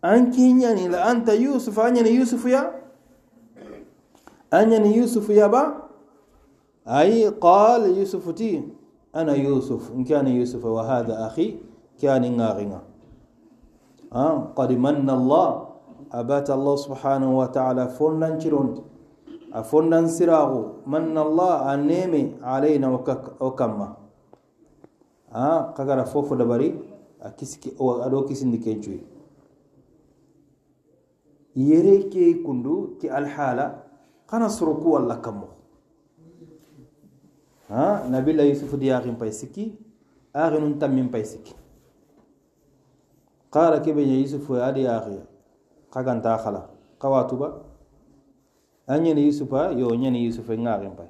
an kiñani la anta yusuf a ñani yusufu ya a ñani yusufu yaɓa ayi qal yusufu ti ana yusuf nkeani yusufa wa hada axi كان غاغنا آه قد من الله أبات الله سبحانه وتعالى فنن شرون أفنن سراغو من الله أنيمي علينا وكما آه كغرا فوفو دبري أكسكي أو أدو كسندي كنشوي yere ke kundu ti alhala kana suruku walla kammo ha nabila yusuf di agin paisiki aginun tammin qala kibenya yusufu adi akhiya nta khala kawatuba anyani yusufa yo yusuf yusufa ngaren pai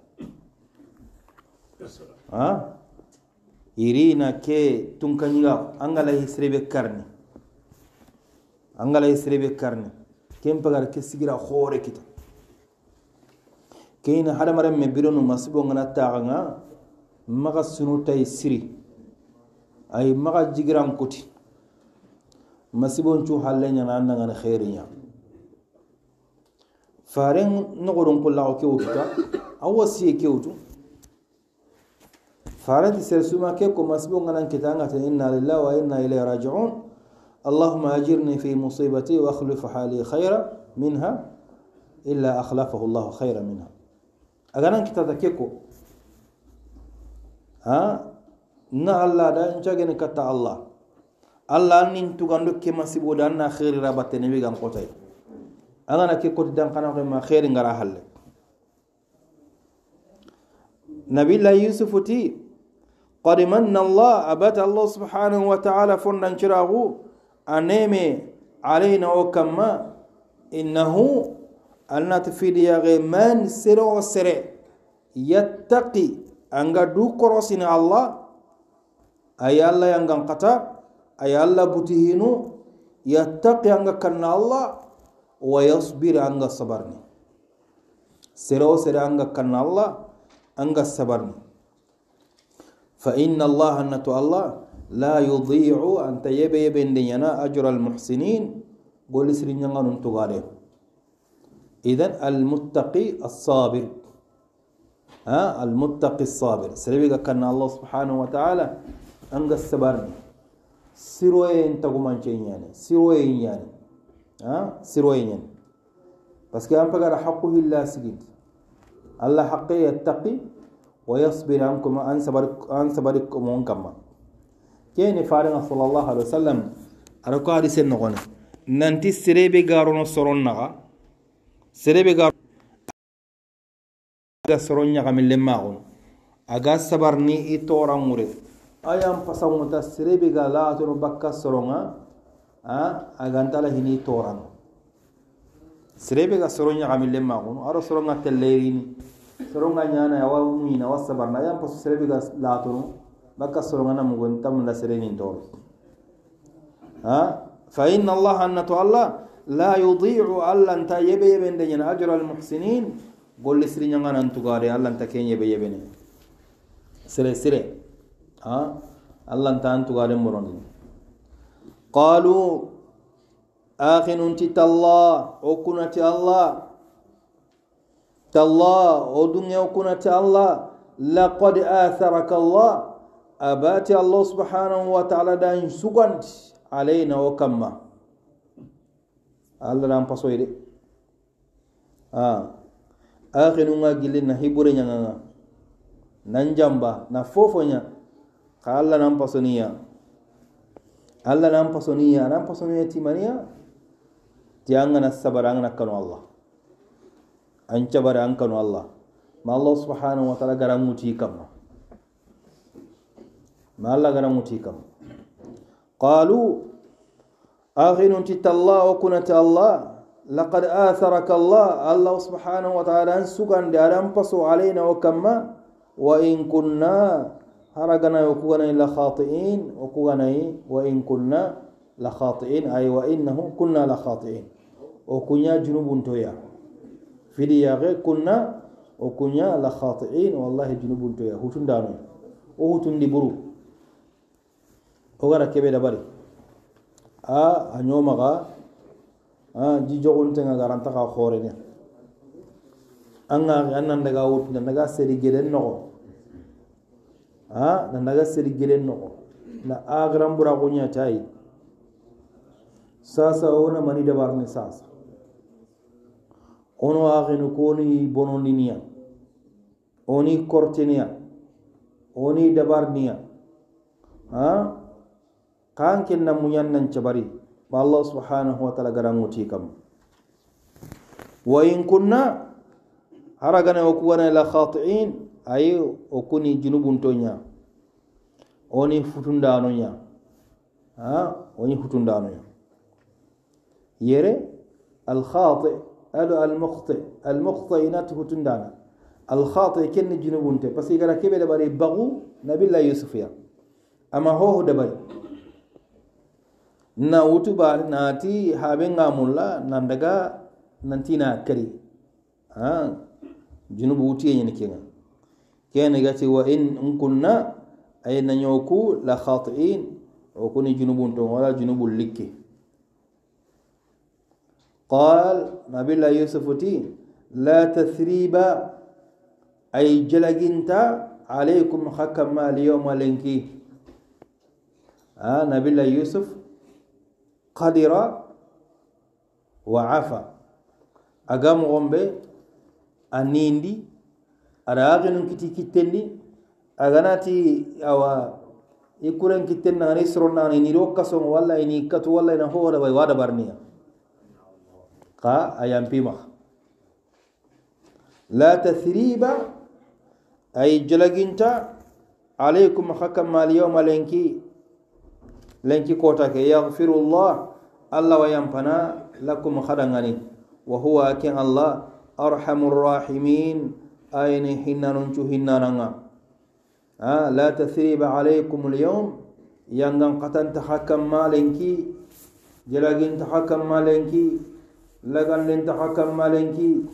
ha irina ke tunkanyiga angala hisrebe karni angala hisrebe karni kempagar ke sigira khore kita hada hadamaren me bironu masibo ngana nga maxa sunu tay siri ay maga jigiran kuti masibon cu halle ñana an nangana xeeri ña faren noxoron kullaxo ke wotuta a wasiye ke wotu farati sersuma ke ko masibo nganan kitangata inna lillahi wa inna ilayhi raji'un اللهم أجرني في مصيبتي وأخلف حالي خيرا منها إلا أخلفه الله خيرا منها أغنان كتاتكيكو ها نا الله دا إن شاء الله alla an nin tugando ke masiboda an na xeeri rabattene we gan qotay a gana ke koti danxanaxema xeeri ngara halle nabilah yusufu ti qad manna allah abata allah subhanahu wa taala fondanciraxu a neme alayna o kamma innahu alnati fidiyaxe man sere o sere yattaqi anga du korosini allah aye allah yangan qata أي الله بتهينو يتقي أنك كرنا الله ويصبر أنك صبرني سرو سر أنك كرنا الله أنك صبرني فإن الله نتو الله لا يضيع أن تجيب يبين دينا أجر المحسنين قول سرين ينغن تغاليه إذن المتقي الصابر المتقي الصابر سربيك كان الله سبحانه وتعالى أنقى السبرني siroyen tagumance ñani siroye ñani a siroye ñani parce que pagara haqu hilla sigindi allah haqqe yattaqi wa yasbir an kuma an sabari an sabari komon kamma kene farenga sallallahu alaihi wasallam ara ko sen nogona nanti serebe garono soron naga serebe garo ga soron nyaga aga sabar itora mure ayam pasamunta serebe ga laatono bakka soronga a agantala hini torano serebe ga soro ñagamille maxunu aro soronga tellerini soronga ñana awa muñina awa sabarna ayam pasu serebe ga laatono bakka soronga na mugon tamunda serenin tor a fa inna allaha annato allah la yudiu allah nta yebe yebende ñana ajra almuhsinin golle siri ñanga nantugaade allah nta ke yebe yebene sere sire ها الله انتان تقالين مرون قالوا آخن انت تالله وكنت الله تالله ودنيا وكنت الله لقد آثرك الله أبات الله سبحانه وتعالى دان سقنت علينا وكما الله دان بصويري آه آخن انت قلنا هبوري نجamba na fofonya ka alla nan pasoniya alla nan pasoniya nan pasoniya timaniya ti an gana sabara an gana kanu allah an cabara kanu allah ma allah subhanahu wa taala gara ŋuti kamma ma allah gara ŋuti kamma qalu ahinunti talla wo kunati allah laqad atharaka allah allah subhanahu wa taala an sugande adan paso alayna wo wa in haraganai okuganai la khati'in okuganai wa in kunna la khati'in ay wa innahu kunna la khati'in okunya junubun toya fidi yage kunna okunya la khati'in wallahi junubun toya hutun dano o hutun diburu ogara kebe dabari a anyomaga a jijoguntenga garantaka khorene anga annan daga wutna daga seri geden nogo nanaga serigelen nogo na agrambura kunyatai sasa ona mani dabarne sasa ono agenu koni bononinia oni kortenia oni dabarnia ha kan kenna muyannan cabari ma allah subhanahu wa taala garanguti kam wa in kunna haragana wakuwana la khati'in ayi o kuni junubunto ña oni futundano ña a oñi futundano ña yere alkhati alo almukhti almukhti inati futundana alkhati kenni junubunte par ce que gara keɓe ɗaɓari bagu nabilla yusuf ya ama hoho daɓari naa wutuba naati haɓe ngamulla nan daga naa kari a junubu wutiyeñini kenga كان جاتي وإن كنا أي أن la khati'in o kuni junubun to wala junubul قال نبي الله يوسف تي لا تثريب أي جلجنت عليكم حكم اليوم لنكي آه نبي الله يوسف قدر وعفى أقام غمبي أنيندي anaaginun kiti kittenni aganati awa ikuren kitten nagani sironnaan ini rokkason walla ini ikkatu walla ina hoodabay waa dabarniya ka ayampima laa tathriiba ay jalaginta alaykum hakka maaliyawma lenki lenki kotake yagfiru llah allah wayampana lakum hadangani wa huwa ken allah arhamu rrahimin ayni hinnanuncu hinnananga la tathriba alaykum alyawm yangan qatan tahakkam malenki jelagin tahakkam malenki lagan len tahakkam malenki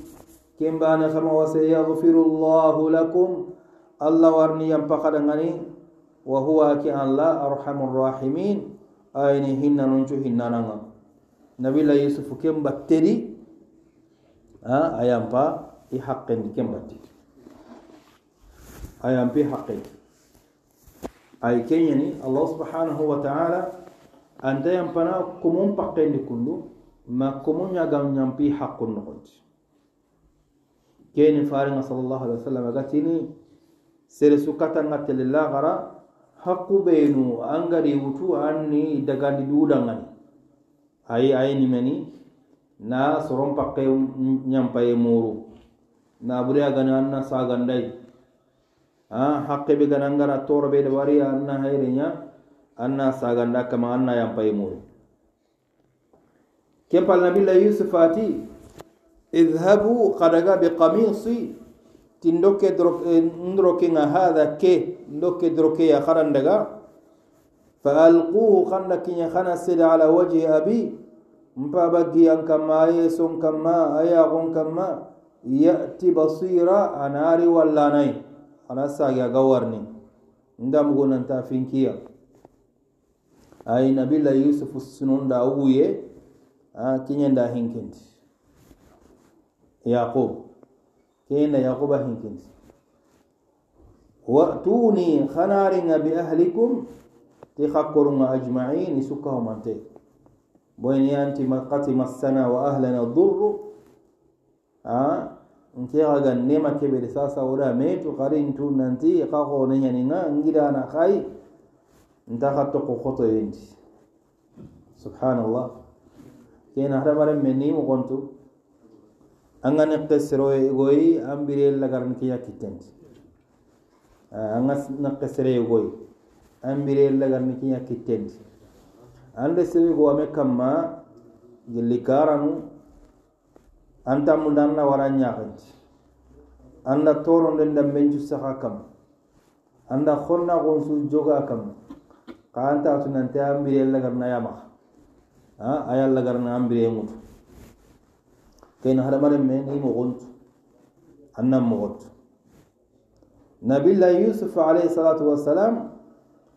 kembana khama wa sayaghfirullahu lakum allah warni yam pakadangani wa huwa ki allah arhamur rahimin ayni hinnanuncu hinnananga nabila yusufu kembatteri ayampa i haqqendi ken batti ayanpi haqqendi ay keñani allah subhanahu wa taala yang yampana kumun paqqendi kundu ma kumun ñagam nyampi haqqun noxondi keni farenga salallahu alih wa sallam agatini sere sukkatanga telela gara haqqu benu angari wutu anni dagandi duɗangani ayi meni na sorong pakai nyampai muru naabure agani anna sagandai a haqqe be gana ngara toro be dabari anna hayrenya anna saganda kama anna yampai muru kempal nabila yusuf ati idhabu kadaga be qamisi tindoke ndroke nga hadha ke ndoke droke ya kharandaga فألقوه خنا كنيا خنا سيد على وجه أبي مبابا جيان كما يسون كما أياغون كما yati basira anari wallanai ana sagyaga warni ndamugonanta finkiya ai nabila yusufu sununda uye a kiñenda hinkindi yaqub keyenda yaquba hinkindi watuni hanaringa bi ahlikum ti ajmain i sukkahumante boyni anti kati massana wa ahlana durru nkeraga nema kebele sasa ola metu kari ntu nanti kako nenyaninga ngira na kai ntaka toko koto yendi subhanallah kena hada mare menni mo kontu angane qesro goyi ambire lagarni kiya kitenti angas na qesre goyi ambire lagarni kiya kitenti ande sebe ame kamma gelli karanu anta mundanna wara ñaxanti anda toronden dambencu saxa kam anda xonna xonsu joga kam xa anta tunante a mbire lagarna yamaxa a aya lagarna a mbire ŋutu kene hadamaren me ni moxontu annan moxotu nabillah yusuf alayhi salatu wassalam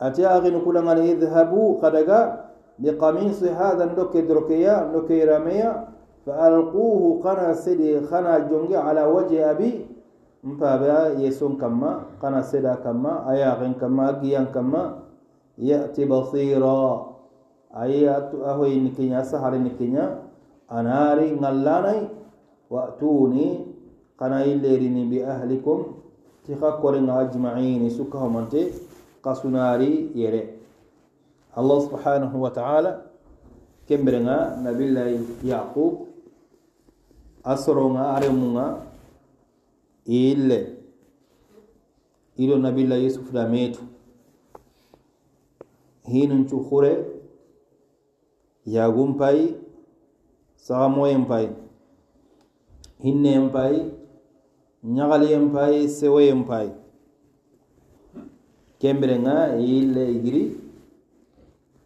ate axin kulangani idhabu xadaga biqamisi hada ndoke drokeya ndoke irameya فألقوه قنا سدي خنا جونجي على وجه أبي مبابا يسون كما قنا سدا كما أياغن كما أجيان كما يأتي بصيرا أي أهوي نكينيا سحر نكينيا أناري نلاني وأتوني قنا إليرني بأهلكم تخكرن أجمعين سكهم أنت قصناري يري الله سبحانه وتعالى كمبرنا نبي الله يعقوب a soronŋa aremuŋa e ille ido nabila yusuf da metu hinun cukure yagun pai sagamoyen pai hinneyen pai ɲagaliyen pai sewoyen pai kembirenŋa e ille igiri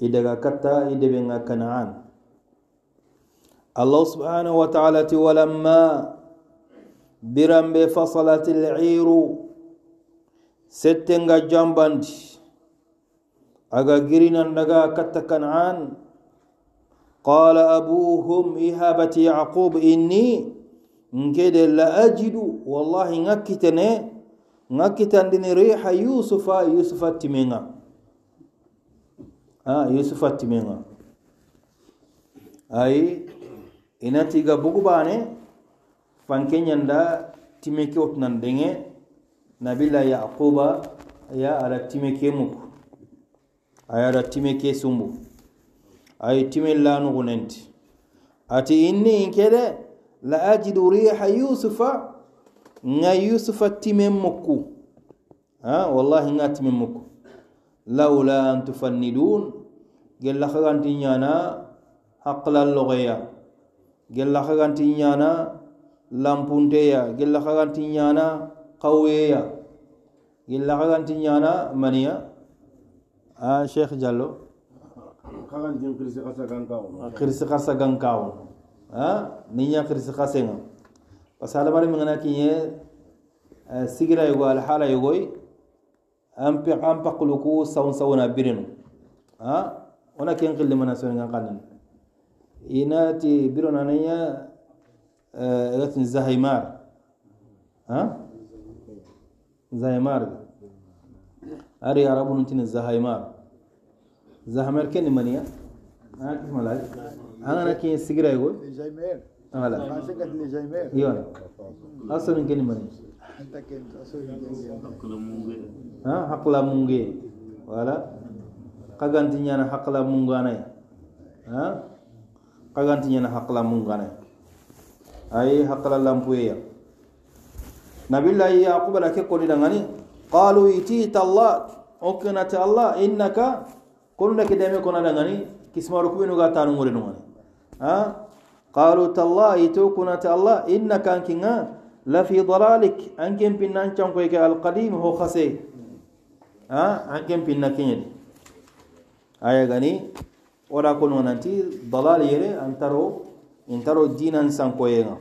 idaga e katta idebenŋa kanaan الله سبحانه وتعالى ولما برم فصلت العير ستنغا جنبند أغا جرينا نغا كت كنعان قال أبوهم اهابت يعقوب إني نكيد لا أجد والله نكتني نكتن دني ريح يوسف يوسف تمينا آه يوسف تمينا أي inatiga bugubane fanke ñanda timeke otunan denge nabila yacquba aya ara timeke muk aya ara timeke sumbu ay time lanugunenti ati inni inkede la ajidu riha yusufa nga yusufa time mukku ha wallahi nga time mukku laula an tufannidun gella xagantiñana haqlal logeya gella haganti ñana lampunteya gella haganti ñana qawweya gella haganti ñana maniya a cheikh diallo hagantin kirsi kasa gankawo kirsi kasa gankawo a niña kirsi kasenga par ce que alamari mingana kiñe sigira yogo alhala yogoy an pakuluku sawun sawuna birinu a wona ken qilli mana soningan qallini inati bironananya uh, eh, lakin zahaimar ha zahimar ari arabu nuntin zahimar zahimar ken maniya ana kif malak ana nakin sigira yego zahaimar ala yon asalun ken mani ha hakla munge wala kagantinya na hakla mungana ha kaganti ñana haqla mun gana ay haqla lampuyeya nabillahi yaquba la ke kolida ngani qalu itita allah okunata allah innaka konna ke deme kona ngani kismaru kubinu ga tanu ngore ngani ha qalu tallahi tukunata allah innaka ankinga la fi dalalik ankin pinnan chanko ke alqadim ho khase ha ankin pinnakin aya gani ولا كون وننتي ضلال يري انترو انترو دينا سانكوينا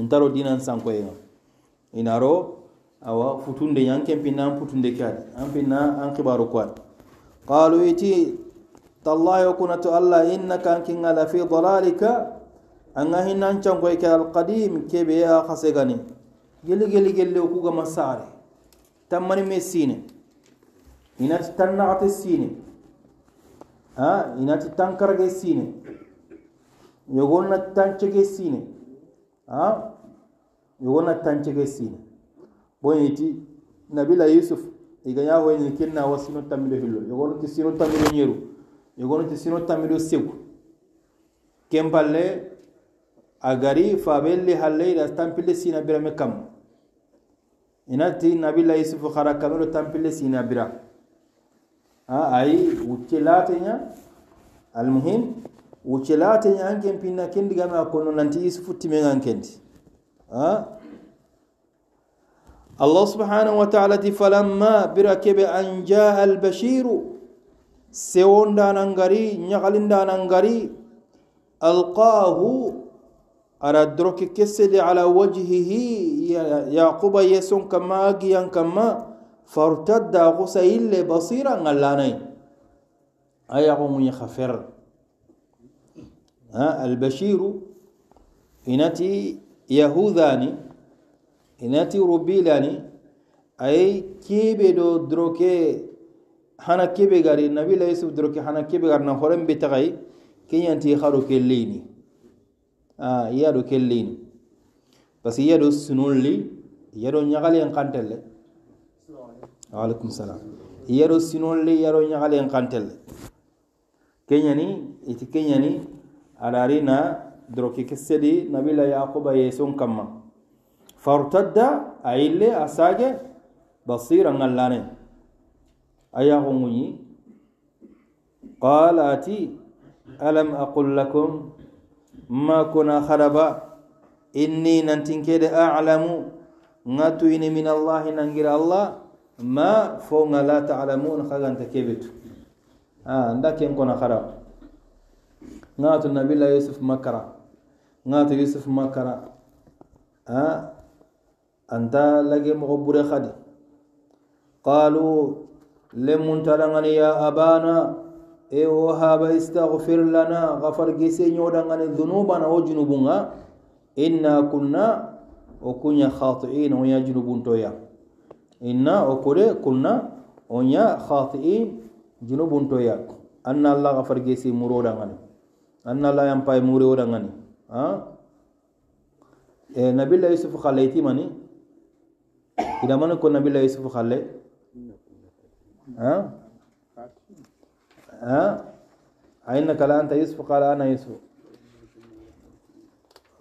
انترو دينا سانكوينا inaro awa futunde yan kempinna an putunde kadi an pinna an kibaru kwad qalu iti tallahi kunatu alla innaka ankinga la fi dalalika anga hinna an cankoy ke alqadim kebe ya khasegani geli geli gelle kuga masare tammani me sine inati tannaati sine inati tan kara geessine yogonna tanche geessine yogonna tanche geessine Boniti nabila yusuf iganya hoyni kinna wasino tamido hillo yogonna ti sino tamido nyeru yogonna ti sino tamido sego kemballe agari fabelli halle da tampille sina birame kam inati nabila yusuf khara kamero tampille sina birame ay wuccelatenya almuhim wuccelatenya anken pinna kendigame kono nanti isi futtimen ankendi allah subhanahu wa taala ti falamma bira keɓe an jaa albashiru sewondanan gari ñagalindanan gari alqaahu ara doroke kessede ala wajhihi yaquba ye son kamma giyan kamma فارتد قوس إلا بصيرا غلاني أي قوم يخفر ها البشير إنتي يهوذاني إنتي ربيلاني أي كيبدو دروكي حنا كيبي غاري النبي ليس دروكي حنا كيبي غارنا خورم بتغاي كي ينتي خارو كليني آه يارو كليني بس يارو سنولي يارو نغالي انقانتل وعليكم السلام يرو سنون لي يرو نعالي انقانتل كينياني إتي كينياني على رينا دروكي كسدي نبي الله يعقوب يسون كما فارتد أيلي أساجة بصيرا نلاني أيا هموني قال أتي ألم أقل لكم ما كنا خربا إني ننتين كده أعلم نتويني من الله ننجر الله ما فوق لا تعلمون خلنا تكبت آه عندك يوم كنا خرا نات النبي الله يوسف مكرا نات يوسف مكرا آه أنت لقي مغبور خدي قالوا لم تلعني يا أبانا إيه هو استغفر لنا غفر جسني ودعنا الذنوبنا وجنوبنا إنا كنا وكنا خاطئين ويا جنوبنا تويا inna okore kunna onya khati'in junubun toya anna allah ga fargesi muro dangani anna allah yang pai muro dangani ha e eh, nabilla yusuf itti manii? ida mana ko nabilla yusuf khalle Haa? ha aina kala anta yusuf qala ana yusuf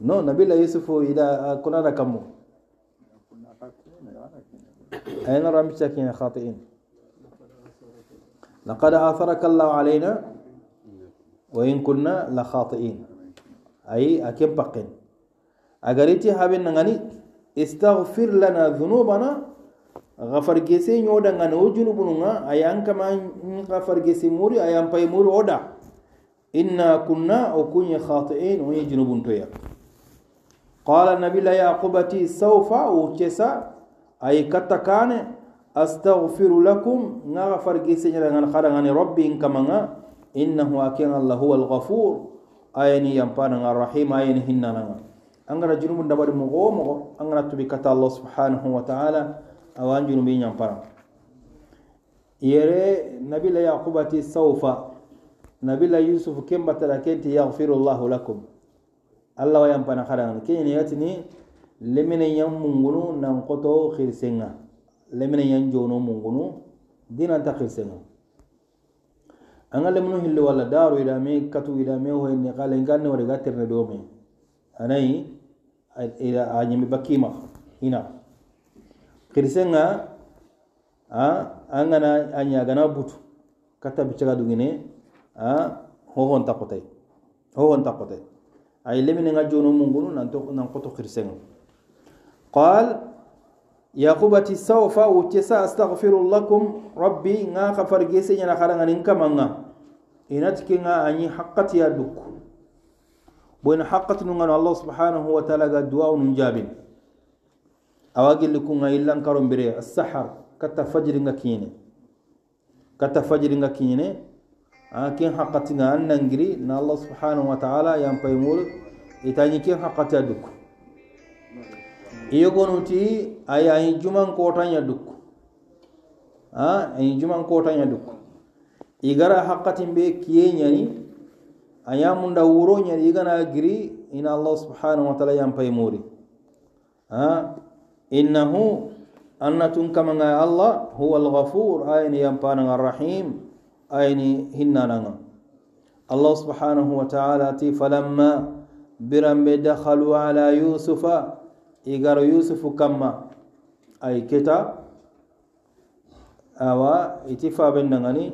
no nabilla yusuf ida ah, kunana kamu أين رأى مشتكين خاطئين لقد آثرك الله علينا وإن كنا لخاطئين أي أكيم بقين أغريتي هابين نغني استغفر لنا ذنوبنا غفر جيسي نودا نغني وجنوبنا أيان كما غفر جيسي موري أيان باي موري ودا إنا كنا وكني خاطئين ويجنوبن تويا قال النبي لا يعقبتي سوف وكسا ay katakane astaghfiru lakum ngara fargiseñala ngan xara ngani rabbi in kamanga innahu akin allah huwa alghafur ayani yampana nga rahim ayani hinnana nga angana junumu ndabari mogo mogo angana tubi kata allah subhanahu wa ta'ala awan junubi nyampana yere nabila yaqubati sawfa nabila yusuf kembatala kenti yaghfiru allah lakum allah yampana xara ngani keñini yatini lemine yang mungunu nan koto khirsenga lemine yang jono mungunu dina ta khirsenga anga lemunu hilli wala daru ida me katu ida me ho ni ya qale ngane kanne wala gaterne do me anai ida me bakima ina khirsenga a na anya gana butu kata bicaga dungine a ho hon hohon takotai ay lemine nga jono mungunu nan to nan koto khirsenga قال يا قبتي سوف وتسا استغفر لكم ربي نا كفرجيسي نا خرنا نكمنا inatike nga anyi haqqati ya dukku boyna haqqati nu ngano allah subhanahu wa taala ga duwa nu jabin awagilli ku nga illan karom bire as-sahar kata fajri nga kine kata fajri nga kine akin haqqati nga annangiri na allah subhanahu wa taala yam paymul itanyi kin haqqati ya dukku iyo gonuti aya ayin juman kotanya duk, a ayin juman kotanya duk. igara haqqatin be kiyenyani aya munda wuro nyani igana giri ina allah subhanahu wa ta'ala yampai muri a innahu annatun kamanga ya allah huwa al-ghafur ayni yampana ar-rahim ayni hinnananga allah subhanahu wa ta'ala ti falamma birambe dakhalu ala yusufa igaro yusufu kamma ay keta awa iti faabennangani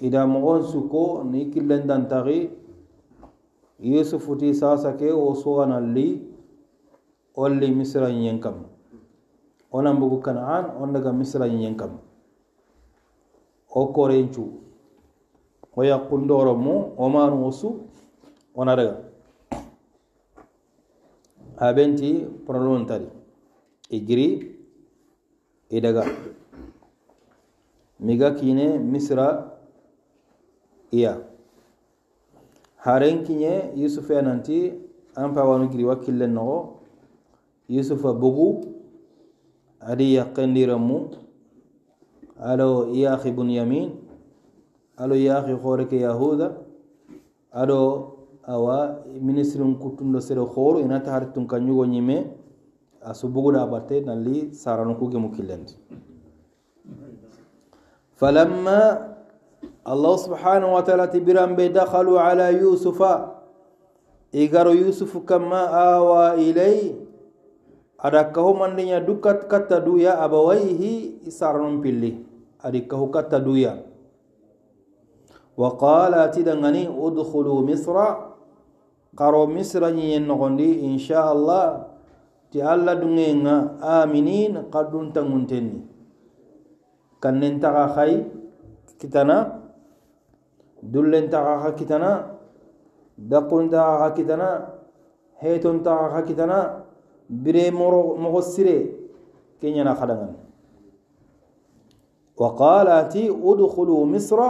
ida mogon suko ni killendantaxi yusufu ti sasa ke wo sogana li wolli misira ñen kamma onan bugu kanaan on daga misira ñen kamma o korencu o yakkundoro mu o maanu wo su ona daga abenti pronom tari igiri idaga miga kine misra iya haren kinye yusuf nanti anpa wanu giri wakkille nogo yusufa bugu adi yakkendiramu alo yahi bun yamin alo yahi horeke yahuda ado awa ministrin kuttundo seeɗa hooru enata har tun kanñugo ñime aso buguɗa batte nalli saranukuge kuge mukilend falamma allah subhanahu wa taala ti biranɓe dakhalu ala yusufa igaro yusufu kamma awa ilay aɗa kahu dukat kata duya abawaihi i saranum pilli aɗi kahu duya wa qala tiɗangani udkhulu misra karo misra ñiyen nogondi inchallah ti allah dungenga aminin kadun tanguntenni kannen taxa xay kitana dullen taxa xa kitana daqun taxa xa kitana heeton taxa xa kitana bire moxo sire ke ñana xadangan wa qala ati misra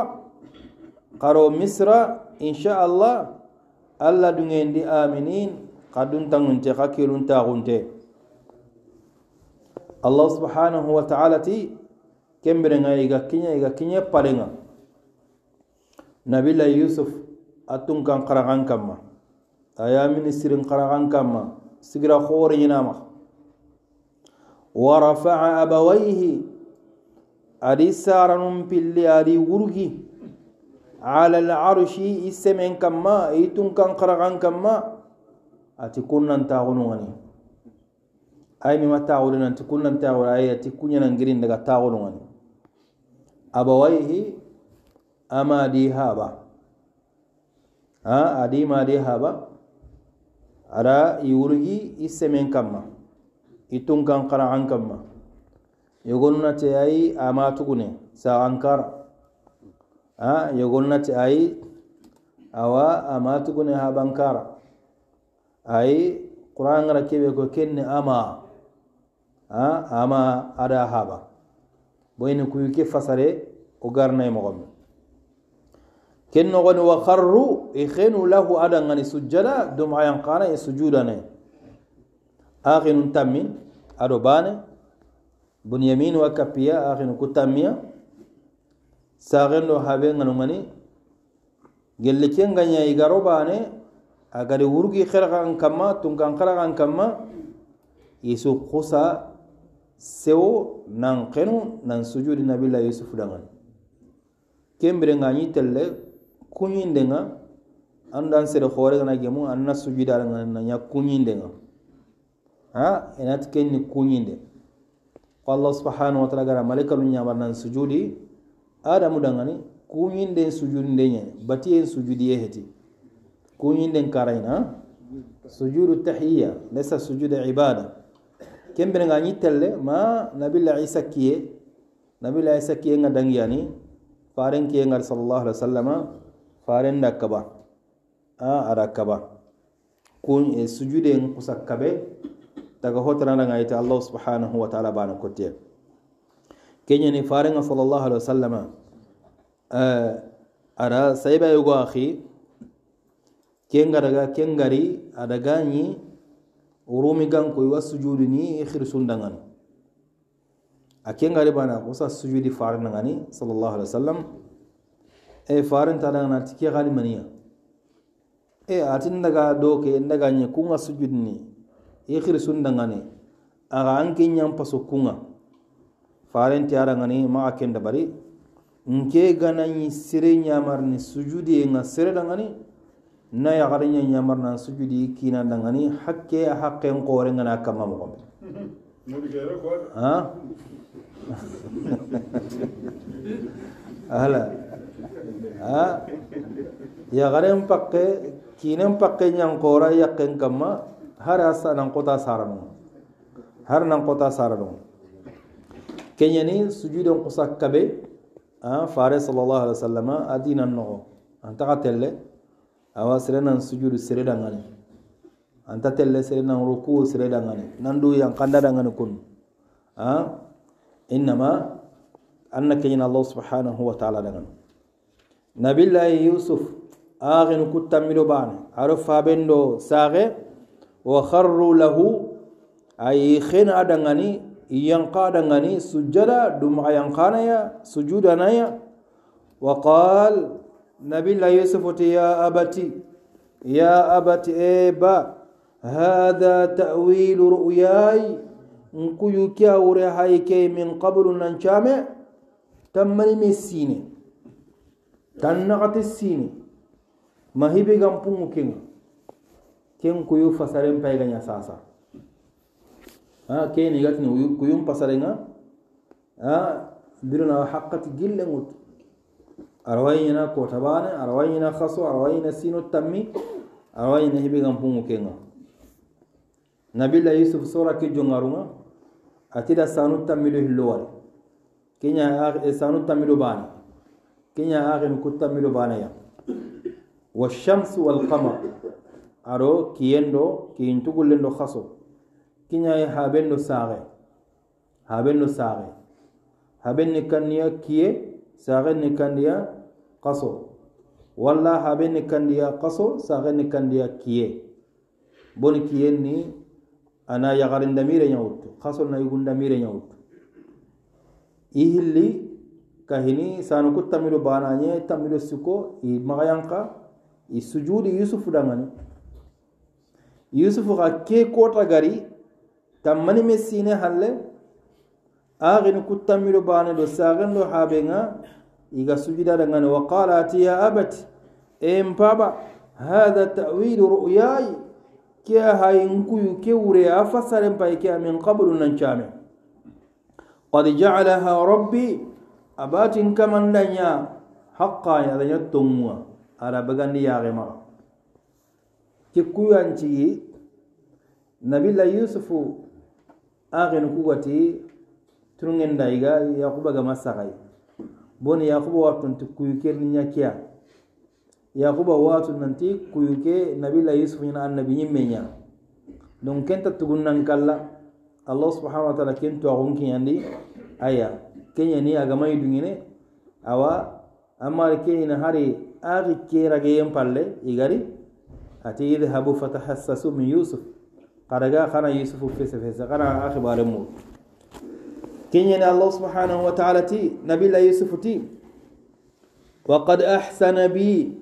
qaro misra inchallah alla dungendi aminin kaduntangunte ka kiluntaxunte allah subhanahu wa taala ti kembirenga iga kiña iga kiñe parenga nabila yusuf a tun kan xaraxan kanma a ye minisirin xaraxan kanma sigira xooriñinama wa rafaca abawayhi adi saranun pilli adi wurgi ala al'arshi isemen kamma itun kan qaragan kamma ati kunnan taagunu ngani ay mi mataagunu nanti kunnan taagunu ay ati kunnan nan girin daga taagunu ngani abawaihi ama di haba ha adi ma di haba ada iwurgi isemen kamma itun kan qaragan kamma yogonuna te ay ama tukune sa ankara yogolnati ayi awa amatugune ha bankara ayi qur'an gara kebe ko kenne amaa ama ada haba boyni kuyuke fasare o garnayi e mogomme ken nogoni wa harru e henu lahu ada gani sujjada dumayan kana e sujudanayi ahinum tammi aɗo bane bunyamin wa kappiya ahinu ku tammiya saxenno habe ŋanuŋani gelle ke ŋaya i garo bane a gari wurugi xeraxan kanma tunkan xeraxan kanma i su xusa sewo nan xenu nan sujudi nabila yusuf daŋani kenbirenga ñi telle kuñindeŋa andan sere xore gana gemu anna sujudalaa naña kuñindeŋa a enati ken ni kuñinde ko allah subhanahu wa taala gara malikanu ñamar nan sujudi adamu dangani kuñinden sujudindeñe batiyen sujudiye heti kuñinden karayna sujudu tahiya lesa sujude ibada kembenenga ñittelle ma nabila isa kiye nabila isa kiyenga dangiyani faren kiyenga salallahu alih wa sallama farenda kaba a ada kaba e sujudeen kusa kabe taga hotanadangayite allahu subhanahu wa taala bana kotteyel kenya ni faringa sallallahu alaihi wasallam uh, ara saiba yugo akhi kenga daga kengari ada gani. urumi gan ko wa sujudu ni ikhir sundangan a kengari bana ko sa sujudi farenga ngani sallallahu alaihi wasallam e faring ta daga na tike gani maniya e atin daga doke daga ni kunga sujudi ni ikhir sundangan aga an kinyam paso kunga tiara ngani ma da bari nke sire nyamar ni sujudi nga da ngani na nyamar na sujudi kina ngani hakke a haqqen qoore ngana kamma mogonɓe a ala a yagaren pakke kinen pakke ñankora ya kamma har a nan kota saranuma har nan kota كنيني سجود قصا كبي ان فارس صلى الله عليه وسلم ادين النغو انت قتل او سرنا سجود سردا غني انت تل سرنا ركوع سردا غني نندو يان قندا غني كون انما ان كين الله سبحانه وتعالى دغن نبي الله يوسف اغن كنت ملو بان عرفا بندو ساغه وخر له اي خين ادغني yang yanqada ngani sujada ya sujudana ya wa qal la yusuf ya abati ya abati eba hadha ta'wil ru'yai ure hayke min qablu nanchame tammani mesine tannaqati sine mahibe gampungu kenga ken kuyu fasaren paiganya sasa كين يقتني ويوم بصرنا ها درنا حقة جل موت أروينا كوتبانة أروينا خصو أروينا سينو التمي أروينا هبي غنبوم كينا نبي الله يوسف صورة كي جنغرونا أتيدا سانو التمي له اللوال كينا سانو التمي له باني كينا آخر مكو التمي له باني والشمس والقمر أرو كيندو كينتو كلندو خصو kiñaye haben no sare haben no saxe haben ne kandiya kiye sare ne kandiya kaso, walla haben ne kandiya kaso sare ne kandiya kiye boni kie ni ana yagari damire ñawuttu kaso na yugun damire ñawuttu i kahini sanu kutamiru bananya tamiru tamido i maxayanqa i sujudi yusufu dangani yusufu xa ke kota gari tammani messine halle axini kuttanmiɗo bane ɗo sagen ɗo haɓenga iga sujudaɗangani wa qala ati yaa abati en paɓa hada tawilu ru'yayi ke a hayinkuyu ke wure a fasaren pay ke a min qablu nan came qad jacalaha rabbi abatin kamandaña haqqani adaña tonguwa ara bagandi yaxema ke kuyancigi nabila yusufu axenu ku gati turungendayiga yaxuba gama saxayi boni yaxuba watunti kuyuke niña keya yaxuba watu nanti kuyuke nabila yusuf ñina annabi ñimme ña donc kenta tugunnan kalla allah subhanahu wa taala ken twaxun kiñandi aya keñani agamayi dungine awa amari keñina hari axi kerageyen palle igari ati idhabu fatahassasu min yusuf karaga kana yusufu fese fese kana akhbare mu ni allah subhanahu wa ta'ala ti nabila yusufu ti wa qad ahsana bi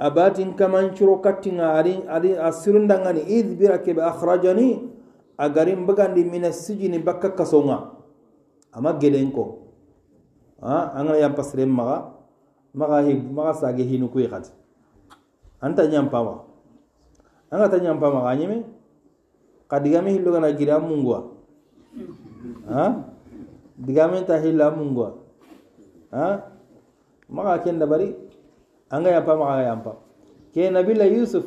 abatin kaman churo kattinga ari ari asirunda ngani id birake akhrajani agarim bagandi minasujini sijini bakka kasonga ama gelenko ha anga yam pasre maga maga hi maga sage hinu khat anta nyam anga tanya nyam pama kadigame hillo gana gira mungwa ha digame ta hilla mungwa ha maka ken da bari anga yampa maga yampa ke nabila yusuf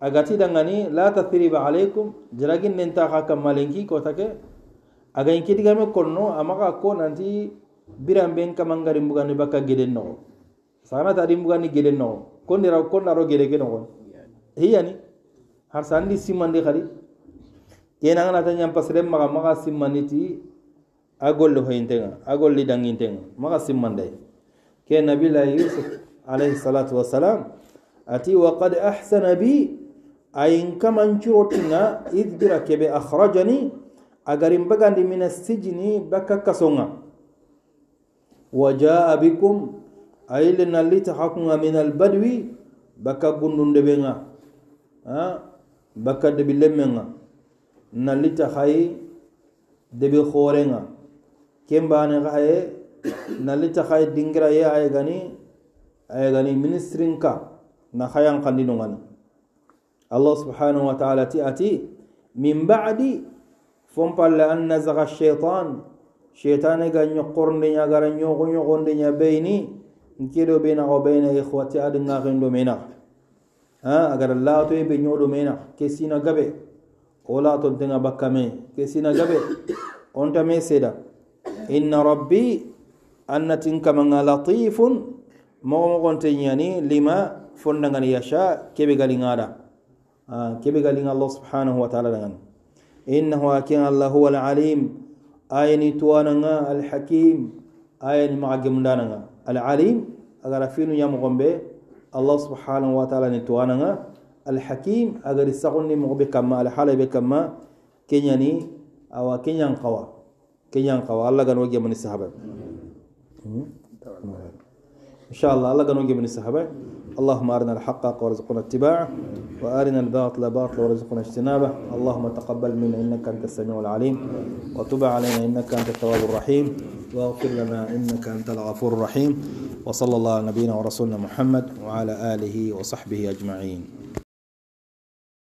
agati dangani la tathriba alaikum jiragin nenta ka malenki ko take aga inki digame konno amaka ko nanti biram ben kamangari mbugani bakka geden no sana tadi mbugani geden no kondira konnaro gede geden no iya. Iya ni har sandi simande khari kena ngana tanya pasre maga maga simmaniti agolli hoyintenga agolli dangintenga maga simmandai ke nabila yusuf alayhi salatu wassalam ati wa qad ahsana bi ayin kaman id bira kebe akhrajani agarin bagandi min sijini baka kasonga wa jaa bikum ayile nallita hakunga min albadwi baka gundundebenga baka debilemenga nallita hayi debi horenga kembane haye nallita haye dingira ye aye gani aye gani ministrin ka na hayan kandino allah subhanahu wa taala ti ati min badi fompalle an nazaga shaitan shaitane ga ñokkorndeña gara ñogo ñogondeña beyni nkeɗo benaxo beyna ihwati adinga xendo mena a agara laato ye be ñoɗo ke sina gabe wo la tolteŋa bakkame ke sina gabe onta me seeda inna rabbi annatin kamaŋa latifun mogo mogonte ñani lima fondaŋani yasha kebe galiŋa da kebe galiŋa allah subhanahu wa taala daŋani innahu akin allah huwa alalim ayani tuwanaŋa alhakim ayani maga gemundanaŋa alalim agara finu ñamogon be allah subhanahu wa taala ni tuwanaŋa الحكيم agari sagondi mogo be على alhala بكما kamma أو awa قوا qawa قوا الله allah وجه من sahaba ان شاء الله الله وجه من السحبة اللهم ارنا الحق وارزقنا اتباعه وارنا الباطل باطلا وارزقنا اجتنابه اللهم تقبل منا انك انت السميع العليم وتب علينا انك انت التواب الرحيم واغفر لنا انك انت الغفور الرحيم وصلى الله على نبينا ورسولنا محمد وعلى اله وصحبه اجمعين